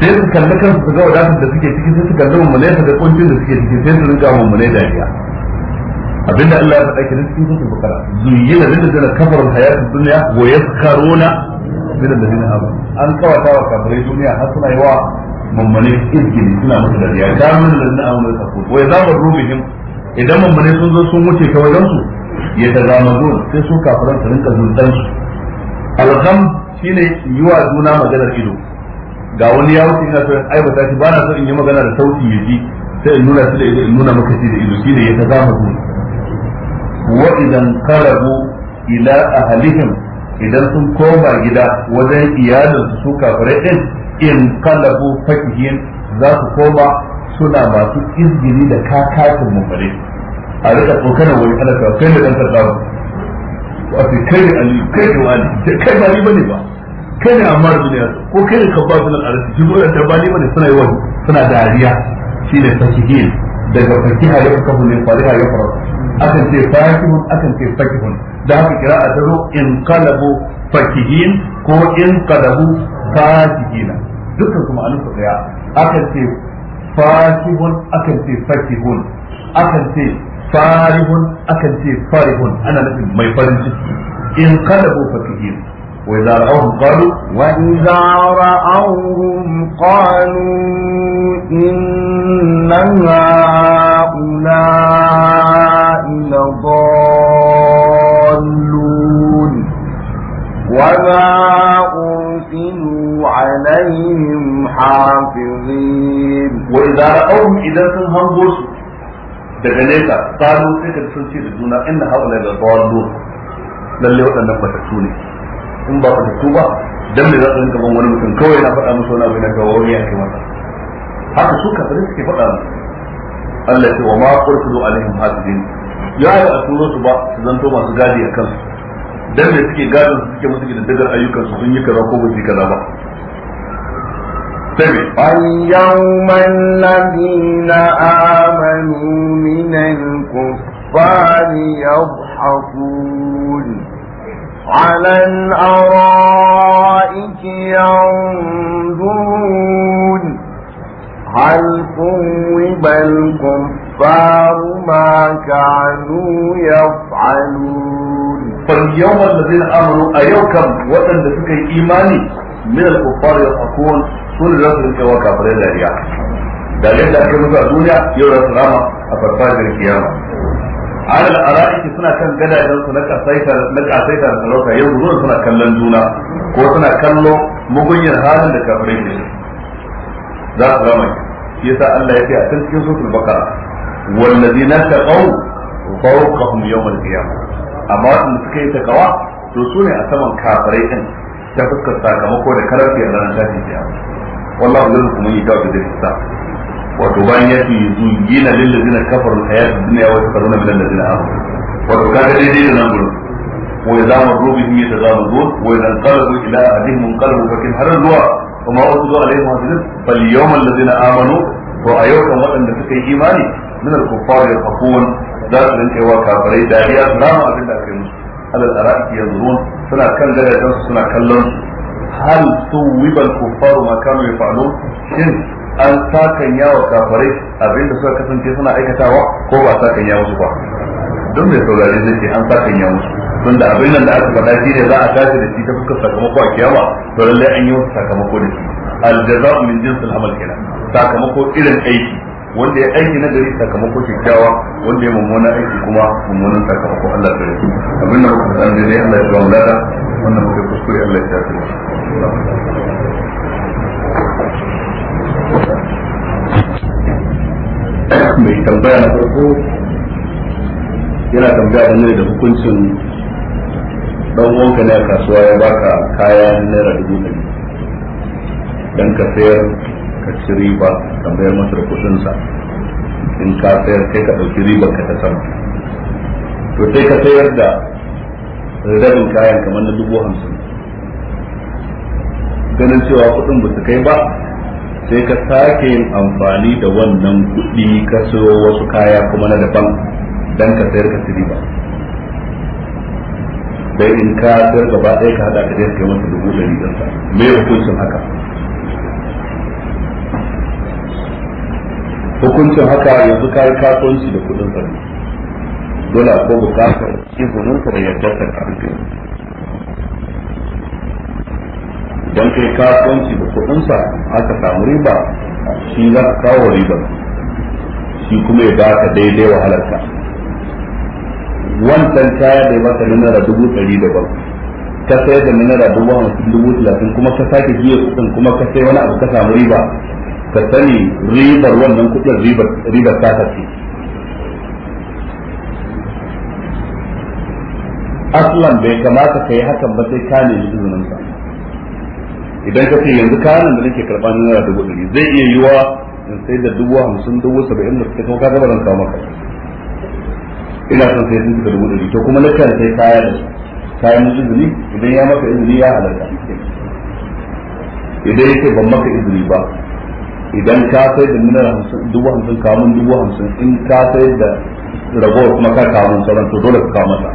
sai su kalli kansu su ga wadatar da suke ciki sai su kalli mummunai su ga kuncin da suke ciki sai su rinka mummune dariya abinda Allah ya faɗa ki su su bukara zuyyina da kafar kafaru hayatud dunya wa yaskaruna da alladina amanu an kawata wa kafirai duniya har suna yi wa mummune izgini suna masa da riya da mun da na amma ka ko wai za mu him idan mummune sun zo sun wuce ta wajen su ya da ramazu sai su kafiran su rinka zuntan su Alham shine yiwa juna maganar ido ga wani ya wuce ina so in aibata shi ba na so in yi magana da sauti ya ji sai in nuna su da ido in nuna maka shi da ido shine ya ta zamazu wa idan qalabu ila ahlihim idan sun koma gida wajen iyalinsu su kafirai din in kallafu fakihin za su koma suna masu izgiri da kakakin mummare a rika tsokana wani ana kawo kai da dan sardawa wato kai ne ali kai ne wani kai ba ni bane ba kai ne amma da duniya ko kai ne kabba sunan arasi shi gona ta bani ne suna yawan suna dariya shi ne fakihin daga fakiha ya kafu ne fariha ya faru akan ce fakihun akan ce fakihun da haka kira a taro in kalabu fakihin ko in kalabu fakihina dukkan kuma an su daya akan ce fakihun akan ce fakihun akan ce farihun akan ce farihun ana nufin mai farin ciki in kalabu fakihin وإذا رأوهم قالوا وإذا رأوهم قالوا إن هؤلاء لضالون وما أرسلوا عليهم حافظين وإذا رأوهم إذا سنهم بوسوا daga nesa tsaro sai ka sun ce da juna inna haula da dawallo lalle waɗannan batattu ne in ba batattu ba dan me za su rinka ban wani mutum kawai na faɗa musu wani abu na gawo ne a kai masa haka su kafirin faɗa musu Allah ya ce wa ma a turo ba su zanto masu gadi a kansu dan da suke gadon su suke musu kididdigar ayyukan su sun yi kaza ko ba su yi kaza ba اليوم الذين آمنوا من الكفار يضحكون على الأرائك ينظرون هل قوب الكفار ما كانوا يفعلون فاليوم الذين امنوا ايوكم وان سكي ايماني من الكفار يضحكون سن رسل كوا كفر داريا داريا da ake musu a duniya yau da rama a farfajiyar kiyama ala al'ara'iki suna kan gadajen na kasaita na da talauta yau zuwa suna kallon juna ko suna kallo mugunyar halin da kafirai ne za su rama yasa Allah ya ce a cikin suratul baqara wallazina amma waɗanda suka yi takawa to su ne a saman kafirai din ta fuskar sakamako da karfi a ranar tashin kiyama wallahu zai kuma yi gawa da sa wato bayan ya fi ce zuyina lil ladina kafaru hayatid dunya wa bilan da zina amanu wato ka kaga daidai da nan gudun zama rubi ne idza zama zuwa yatazamudun wa idza qalabu ila ahadihim qalabu fakin haran zuwa zuwa kuma wasu alaihi masu وما أرسلوا عليهم حافظين فاليوم الذين آمنوا وأيوكم وأن تكي إيماني من الكفار يضحكون za su rinka yawa kafirai dariya su rama abin da aka yi musu alal araki yanzurun suna kan darajar suna kallon su hal suwiba al-kuffaru ma ya faɗo. shin an sakan yawa kafirai abinda suka kasance suna aikatawa ko ba sakan yawa su ba don mai saurare zai ce an sakan yawa musu da abin nan da aka faɗa shi ne za a tashi da shi ta fuskar sakamako a kiyama to lallai an yi wasu sakamako da shi aljaza'u min jinsil amal kenan sakamako irin aiki wanda ya aiki na gari sakamako kyakkyawa wanda ya mummuna aiki kuma mummunan sakamako Allah ya rufe abin da muka san dai Allah ya ba mu lada wannan muka kuskure Allah ya tafi mai tambaya na farko yana tambaya dangane da hukuncin dan wanka ne a kasuwa ya baka kaya naira dubu ɗari dan ka sayar ka riba ka mayar masa da kuɗinsa in ka sayar kai ka ɗauki ribar ka ta sama to sai ka sayar da rabin kayan kamar na dubu hamsin ganin cewa kuɗin ba su kai ba sai ka sake yin amfani da wannan kuɗi ka siyo wasu kaya kuma na daban dan ka sayar ka siri ba dai in ka sayar gaba ɗaya ka haɗa ka je kai masa dubu ɗari ɗinsa me hukuncin haka hukuncin haka yanzu kayi kasuwanci da kudin sa dole ko bukatar izinin sa da yadda sa ka rike dan kai kasuwanci da kudin sa aka samu riba shi za ka kawo riba shi kuma ya baka daidai wahalar ka wancan kaya da ya baka naira dubu ɗari da bakwai ka sayar da naira dubu hamsin dubu talatin kuma ka sake jiya kuɗin kuma ka sai wani abu ka samu riba ka sani ribar wannan kudin ribar ta ce aslan bai kamata ka yi hakan ba sai ka nemi izinin ka. idan ka ce yanzu kayan da nake karɓa naira dubu ɗari zai iya yiwa in sai da dubu hamsin dubu saba'in da suka kuma ka gaba zan kawo maka ina son sai sun dubu ɗari to kuma na kan sai kaya da kayan izini idan ya maka izini ya halarta idan ya ce ban maka izini ba idan ka sai da minar hamsin dubu hamsin kamun dubu hamsin in ka sai da ragowar kuma ka kamun sauran to dole ka kawo masa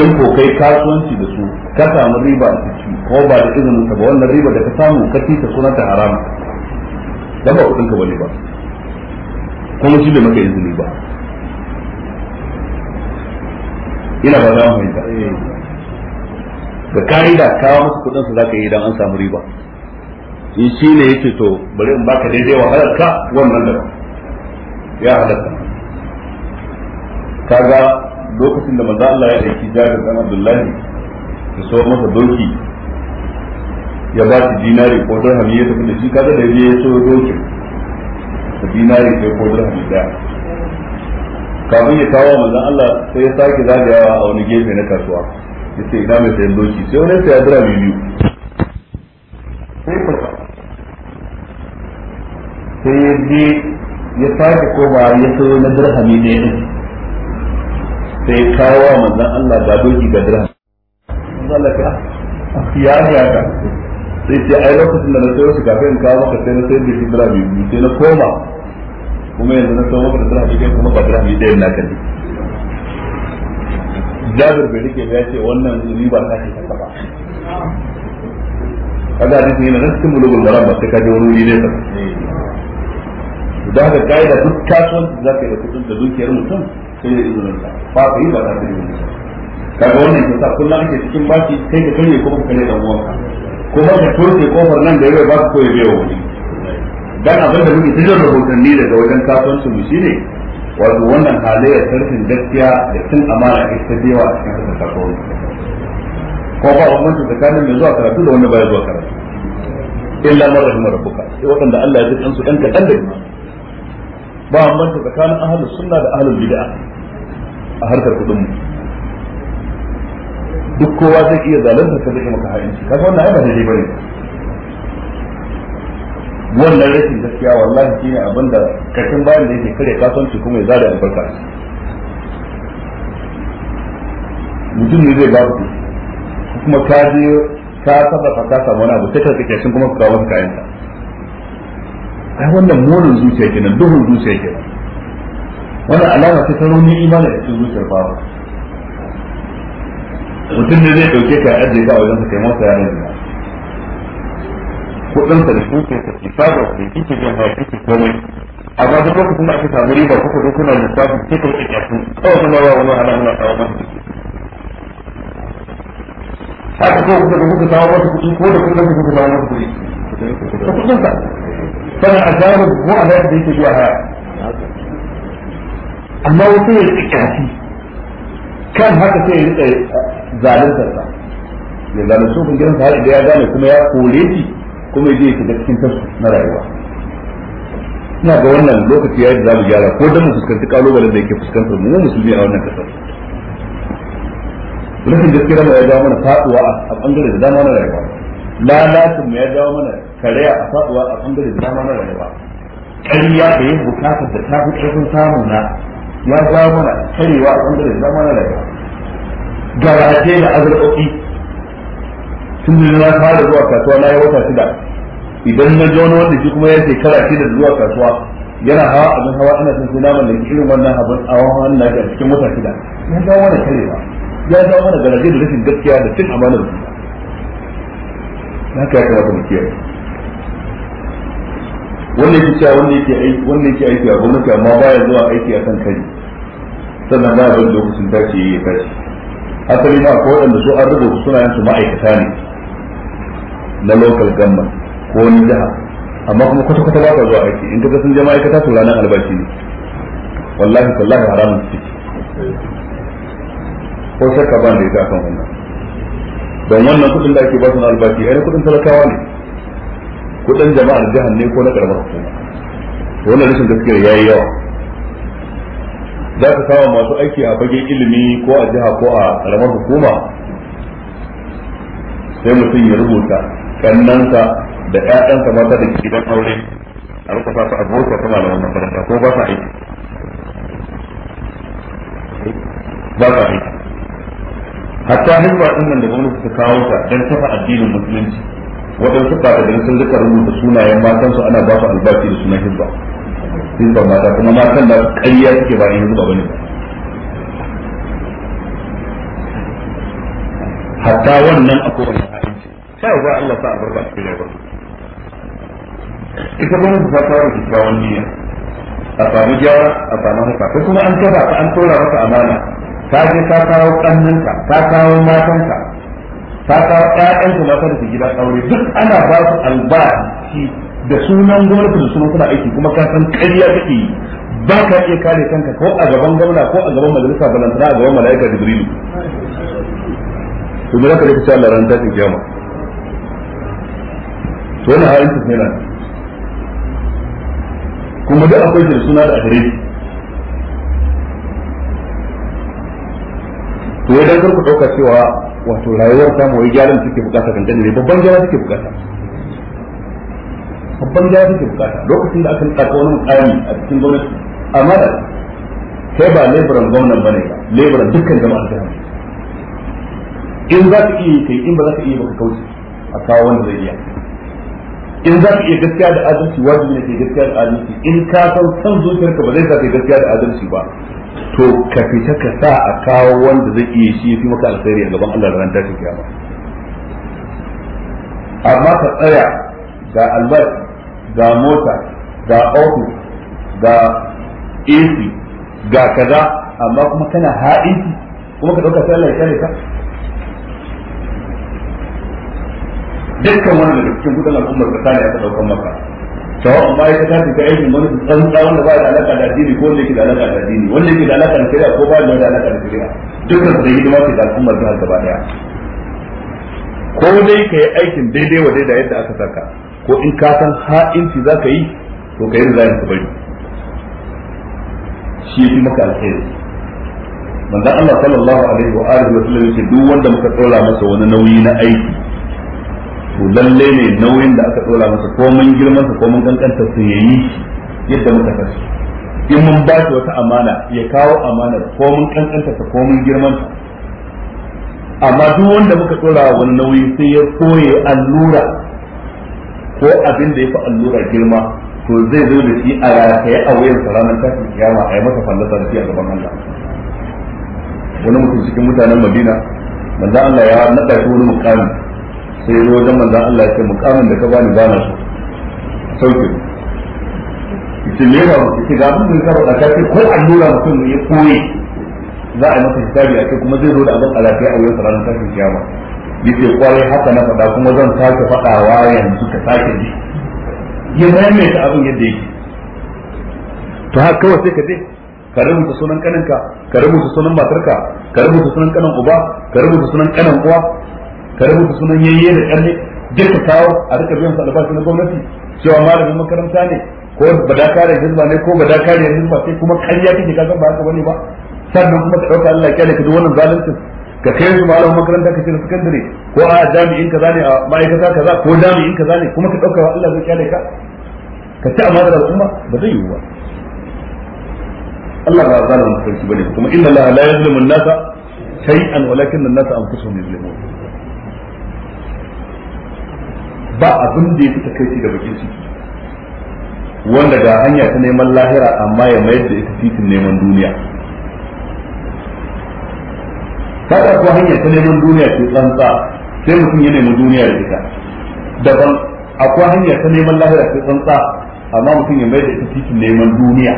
in ko kai kasuwanci da su ka samu riba a ciki ko ba da izinin ka ba wannan riba da ka samu ka ta sunan ta harama dan ba kudin ka bane ba kuma shi bai maka izini ba ina ba za mu fahimta eh. da ka'ida kawo masa kudin su zaka yi idan an samu riba in shi ne ya ce to bari in baka daidai wa ka wannan da ya halatta kaga lokacin da maza Allah ya aiki jari dan Abdullahi ya so masa doki ya ba shi dinari ko dirhami ya tafi da shi kaga da ya so doki da dinari sai ko dirhami da kafin ya kawo maza Allah sai ya sake zagayawa a wani gefe na kasuwa ce ina mai sayan doki sai wani sayan ya dirhami biyu sai fasa sai ya je ya sake koma ya sayo na dirhami ne sai kawo wa manzan Allah ga doki ga dirhami manzon Allah ka ya ah, ya ka sai ce ai lokacin da na sayo shi kafin kawo maka sai na sayar da shi dirhami biyu sai na koma kuma yanzu na sayo maka da dirhami ɗaya kuma ba dirhami ɗaya na kan jabir bai rike ya ce wannan riba ta ce ta ba kaga hadisi yana nan cikin mulugul maram sai kaje wani wuri ne da haka gaida duk kasuwanci za ka yi da kudin da dukiyar mutum sai da izinin sa ba ka yi ba za ka yi wani kaga wannan ke sa kullum ake cikin baki kai ka karye ko ka karye dan ko ba ka toshe kofar nan da yawa ba ka koyi bai wani dan abin da muke cikin rahotanni daga wajen kasuwancin mu shine wato wannan halayyar sarkin gaskiya da cin amana ita ta yawa a cikin kasar kasuwanci ko ba wannan tsakanin mai zuwa karatu da wanda baya zuwa karatu illa man rahimar rabbuka sai waɗanda Allah ya ji kansu ɗan kaɗan da ba banta tsakanin ahalin sunna da ahalin bid'a a harkar kudin mu duk kowa zai iya zalunta ta zai maka ha'inci kaga wannan ai ba daidai bane wannan rashin gaskiya wallahi shine abin da kashin bayan da yake kare kasuwanci kuma ya zada albarka mutum ne zai ba ku kuma ka je ka saba ka samu wani abu sai ka kake shin kuma ka kawo masa kayan ai wannan molin zuciya ke nan duhun zuciya ke nan wannan alama ta rauni imani a cikin zuciyar babu mutum ne zai dauke ka ajiye ba wajen sa kai masa yaran zina kudin sa da kuke ka ci fada da kike jin ba kike komai amma duk lokacin da aka samu riba kuka zo kuna lissafi ka da kyafu kawai kuma ba wani ana muna tsawa masa haka kawai kuka kuka tsawa masa kuɗi ko da kuka kuka tsawa masa kuɗi ka kudin sa sana a jawo ko a hayar da yake zuwa haya amma wasu ya riƙe kyafi kan haka sai ya riƙe zaluntarsa ya zalunci kun gidansa har da ya gane kuma ya kore shi kuma ya je ya shiga cikin tasu na rayuwa ina ga wannan lokaci ya za mu gyara ko dan mu fuskanci kalubalen da yake fuskantar mu musulmi a wannan kasar rashin gaskiya mu ya jawo mana faduwa a bangare da dama na rayuwa lalacin mu ya jawo mana karaya a faduwa a bangare da dama na rayuwa ƙarya da yin bukatar da ta fi ƙarfin samun na ya ja mana karewa a bangare da dama na rayuwa garaje da azurƙoƙi tun da na fara zuwa kasuwa na yi wata shida idan na ji wani wanda shi kuma ya ce shekara shida zuwa kasuwa yana hawa abin hawa ina son sai naman da irin wannan abin a wahan na ga cikin wata shida ya ja mana karewa ya ja mana garaje da rashin gaskiya da cin amanar da Na kai kamata kuma kiyaye wanda yake cewa wanda yake aiki wanda yake aiki a gwamnati amma baya zuwa aiki akan kari sannan ba da lokacin tashi ya tashi asali ma ko wanda su an rubuta suna yin su ma'aikata ne na local government ko wani jiha amma kuma kwata kwata ba ka zuwa aiki in kaga sun je ma'aikata to ranar albashi ne wallahi wallahi haramun su ko shakka ban da ita akan wannan don wannan kudin da ake ba su na albashi ai kudin talakawa ne kudin jama'ar jihar ne ko na karamar hukuma wannan rashin gaskiyar yi yawa za ka kawo masu aiki a fage ilimi ko a jiha ko a karamar hukuma sai mutum ya rubuta kannansa da ƴaƴansa mata da gidan aure a sa su a burka ta malaman makaranta ko ba sa aiki ba sa aiki hatta hizba din nan da gwamnati ta kawo ta don kafa addinin musulunci waɗansu fatadin sun duka rubuta sunayen matan su ana ba su albashi da sunan hizba hizba mata kuma matan da ƙarya suke ba hizba bane hatta wannan akwai wani ha'inci sai ba Allah sa albarka cikin rayuwar ita ba mu fata da kyakkyawan niyya a samu gyara a samu haka ko kuma an kafa an tura maka amana ka je ta kawo kannanka ta kawo matanka ta ƴaƴan su mata da su gida aure duk ana ba su albashi da sunan gwamnati da sunan suna aiki kuma ka san ƙarya kake yi ba ka iya kare kanka ko a gaban gwamna ko a gaban majalisa balantana a gaban mala'ika jibrilu to me ka rika cewa Allah ran tashin kiyama to wannan halin su ne kuma duk akwai da suna da adare to idan kar ku dauka cewa wato rayuwar ta wai gyaran da take bukata kan dangane babban gyara take bukata babban gyara take bukata lokacin da aka tsaka wani mukami a cikin gwamnati amma da sai ba leburan gwamnan bane ba leburan dukkan jama'ar jihar in za ka iya yi kai in ba za ka iya ba ka kauce a kawo wanda zai iya in za ka iya gaskiya da adalci wajibi ne ke gaskiya da adalci in ka san san zuciyarka ba zai sa kai gaskiya da adalci ba to ka fita ka sa a kawo wanda zai iya shi fi maka alkhairi a gaban Allah da ran tashin kiyama amma ka tsaya ga albashi ga mota ga ofis ga AC ga kaza amma kuma kana ha'inci kuma ka dauka sai Allah ya kare ka dukkan wani da cikin kudin al'ummar ka sani aka daukan maka amma ba ta tafi ta aikin wani tsantsa wanda ba da alaka da addini ko wanda yake da alaka da addini wanda yake da alaka da shari'a ko ba da alaka da shari'a dukkan su da hidima ke da al'ummar jihar gaba daya ko dai ka yi aikin daidai wa daidai yadda aka saka ko in ka san ha'inci za ka yi to ka yi da ka bari shi fi maka alheri manzan Allah sallallahu alaihi wa alihi wa sallam yake duk wanda muka tsola masa wani nauyi na aiki to lalle ne nauyin da aka dora masa ko mun girman sa ko mun kankanta su yayi yadda muka kasu in mun ba shi wata amana ya kawo amana ko mun kankanta sa ko mun girman sa amma duk wanda muka dora wani nauyi sai ya koye allura ko abin da ya fi allura girma to zai zo da shi a rataye a wayar sa ranar tashin kiyama a yi masa fallasa da shi a gaban Allah wani mutum cikin mutanen Madina manzo Allah ya nada shi wani mukami sai ya zo wajen manzan Allah ya ce mukamin da ka bani bana so sauke ki me ba ki ce ga abin da ka faɗa ka ce ko allura mutum ya koyi za a yi masa hisabi a ce kuma zai zo da abin alafiya a wurin ranar tashin kiyama yace kwarai haka na faɗa kuma zan sake faɗawa yanzu ka sake ji ya maimaita abin yadda yake to haka kawai sai ka je ka rubuta sunan kaninka ka rubuta sunan matarka ka rubuta sunan kanin uba ka rubuta sunan kanin uwa ka rubuta sunan yayye da ƙarni duka kawo a rika biyan sa albashi na gwamnati cewa malamin makaranta ne ko ba da kare hizba ne ko ba da kare hizba sai kuma ƙarya kake ka san ba haka bane ba sannan kuma ka dauka Allah ya kyale ka duk wannan zalunci ka kai su malamin makaranta ka ce sakandare ko a jami'in kaza ne a ma'aikata kaza ko jami'in kaza ne kuma ka dauka Allah zai kyale ka ka ci amanar al'umma ba zai yiwu ba Allah ba zalimin sarki bane kuma inna Allah la yuzlimu an-nasa shay'an walakin an-nasa anfusuhum yuzlimun ba abin da ya fi takaici da bakin ciki wanda ga hanya ta neman lahira amma ya mayar da ita titin neman duniya ta ko hanya ta neman duniya ce tsantsa sai mutum ya nemi duniya da ita daban akwai hanya ta neman lahira ce tsantsa amma mutum ya mayar da ita titin neman duniya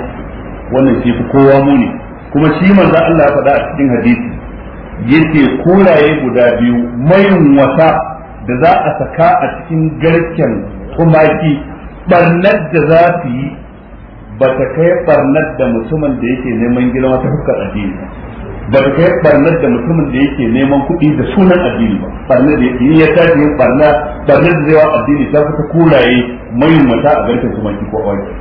wannan shi fi kowa muni kuma shi manzo Allah ya faɗa a cikin hadisi yake koraye guda biyu mayin wata da za a saka a cikin garken tumaki barnar da za su yi ba ta kai barnar da mutumin da yake neman gina wata fuskar addini ba ta kai barnar da mutumin da yake neman kuɗi da sunan addini ba barnar da yake ya ta yin barna barnar da zai wa addini ta fita kuraye mai mata a garken tumaki ko awaki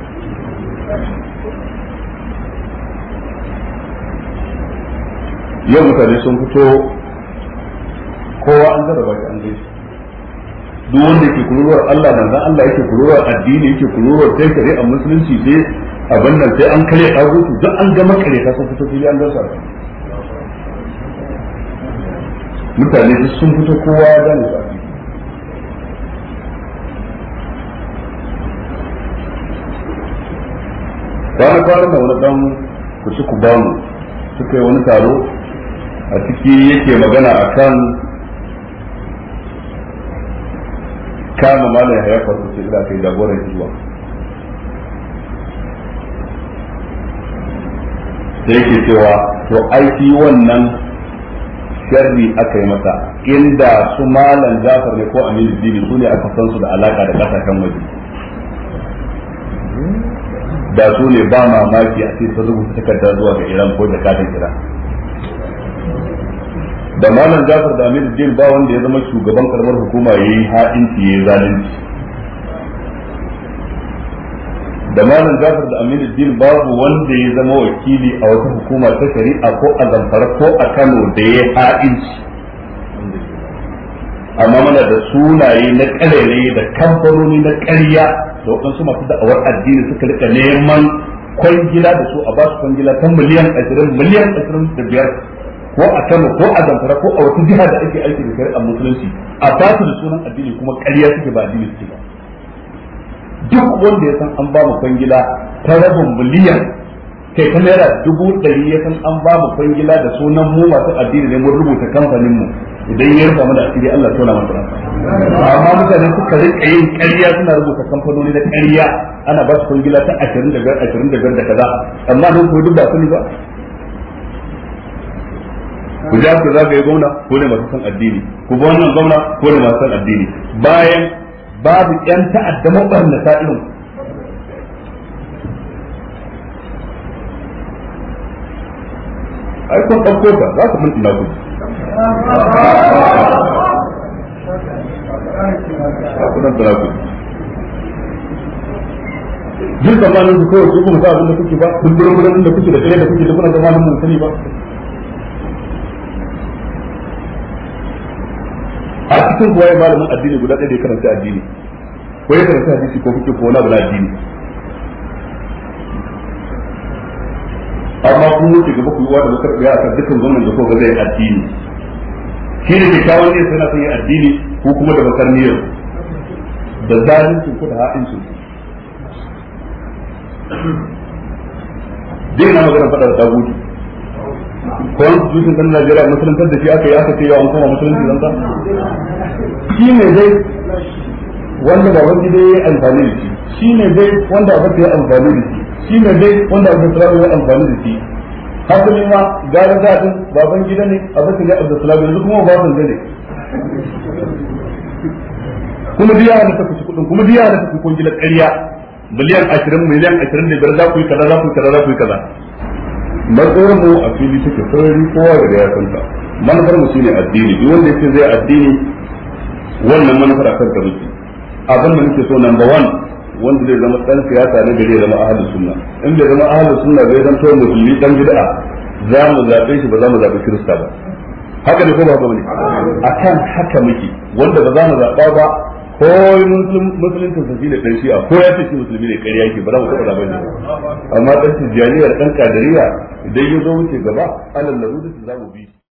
yau mutane sun fito kowa an zarraba shi an gaisu. duk wanda ke kururuwar Allah manzon Allah yake kururuwar addini yake kururuwar sai kare a musulunci sai abin nan sai an kare gutu duk an gama kare ta sun fito fili an gasa mutane duk sun fito kowa ya gane su kwana kwana da wani dan ku ci ku bamu suka yi wani taro a ciki yake magana akan kama malam ya haifar farko ce da kai jagoran jiwa Sai ke cewa to aiki wannan sharri aka yi masa inda su malam jafar ne ko aminu dini su ne aka san su da alaka da kasashen waje da su ne ba mamaki a cikin rubuta takardar zuwa ga iran ko da katin iran da malam Jafar da Amir Din ba wanda ya zama shugaban karamar hukuma yi ha'inci yi zalunci da malam Jafar da Amir Din babu wanda ya zama wakili a wata hukuma ta shari'a ko a Zamfara ko a Kano da ya yi ha'inci amma mana da sunaye na ƙarere da kamfanoni na ƙarya da waɗansu masu da'awar addini suka rika neman kwangila da su a basu kwangila ta miliyan 20 miliyan 25 ko a Kano ko a Zamfara ko a wata jiha da ake aiki da shari'ar musulunci a ba su da sunan addini kuma ƙarya suke ba addini suke ba duk wanda ya san an ba mu kwangila ta rabin miliyan kai ta naira dubu ɗari ya san an ba mu kwangila da sunan mu masu addini ne mun rubuta kamfanin mu idan ya rufa da asiri Allah ya tona mana amma mutane suka rika yin ƙarya suna rubuta kamfanoni na ƙarya ana ba su kwangila ta ashirin da ashirin da kaza amma nan ko duk ba su ba ku ja ku zagaye gwamna ko ne masu san addini ku ba wannan gwamna ko ne masu san addini bayan babu yan ta'adda mabarnata irin ai kun ɗauko ta za ku mun ina ku kudan talaku duk zamanin su kawai su kuma sa abin da kuke ba duk burin burin da kuke da kare da kuke da kuna zamanin mun sani ba a cikin kuwa ya malamin addini guda ɗaya da ya karanta addini ko ya karanta hadisi ko fiqh ko wani abu na addini amma kun wuce gaba ku yi wani bakar ɗaya a kan dukkan gwamnan da ga zai addini shi ne kawo ne sai na son addini ko kuma da bakar niyyar da su ko da ha'in su? dai na magana faɗa da dagudu constitution din Najeriya musuluntar da shi aka yi aka ce yawan kuma musulunci zanta shi ne zai wanda baban dai ya yi amfani da shi shi ne zai wanda aka ya amfani da shi shi ne zai wanda aka da ya amfani da shi hasali ma gara daɗin baban gida ne a bakin ya da yanzu kuma ba sun ne kuma biya na ta kuci kudin kuma biya na ta kuci kun gila ƙarya miliyan ashirin miliyan ashirin da biyar za ku yi kaza za ku yi kaza za ku yi kaza matsayar mu a fili take sarari kowa da ya santa manufar mu shine addini duk wanda yake zai addini wannan manufar akan ta miki abin da nake so number one wanda zai zama dan siyasa ne zai zama ahlus sunna in bai zama ahlus sunna bai tawo musulmi dan bid'a za mu zabe shi ba za mu zabe kirista ba haka ne ko ba haka A akan haka muke wanda ba za mu zaba ba ko musulunci sun da ɗanshi a ko ya ce shi musulmi ne ƙarya yake ba za mu taɓa da bane amma dan tijaniyar ɗan kadariya idan ya zo wuce gaba alal su za mu bi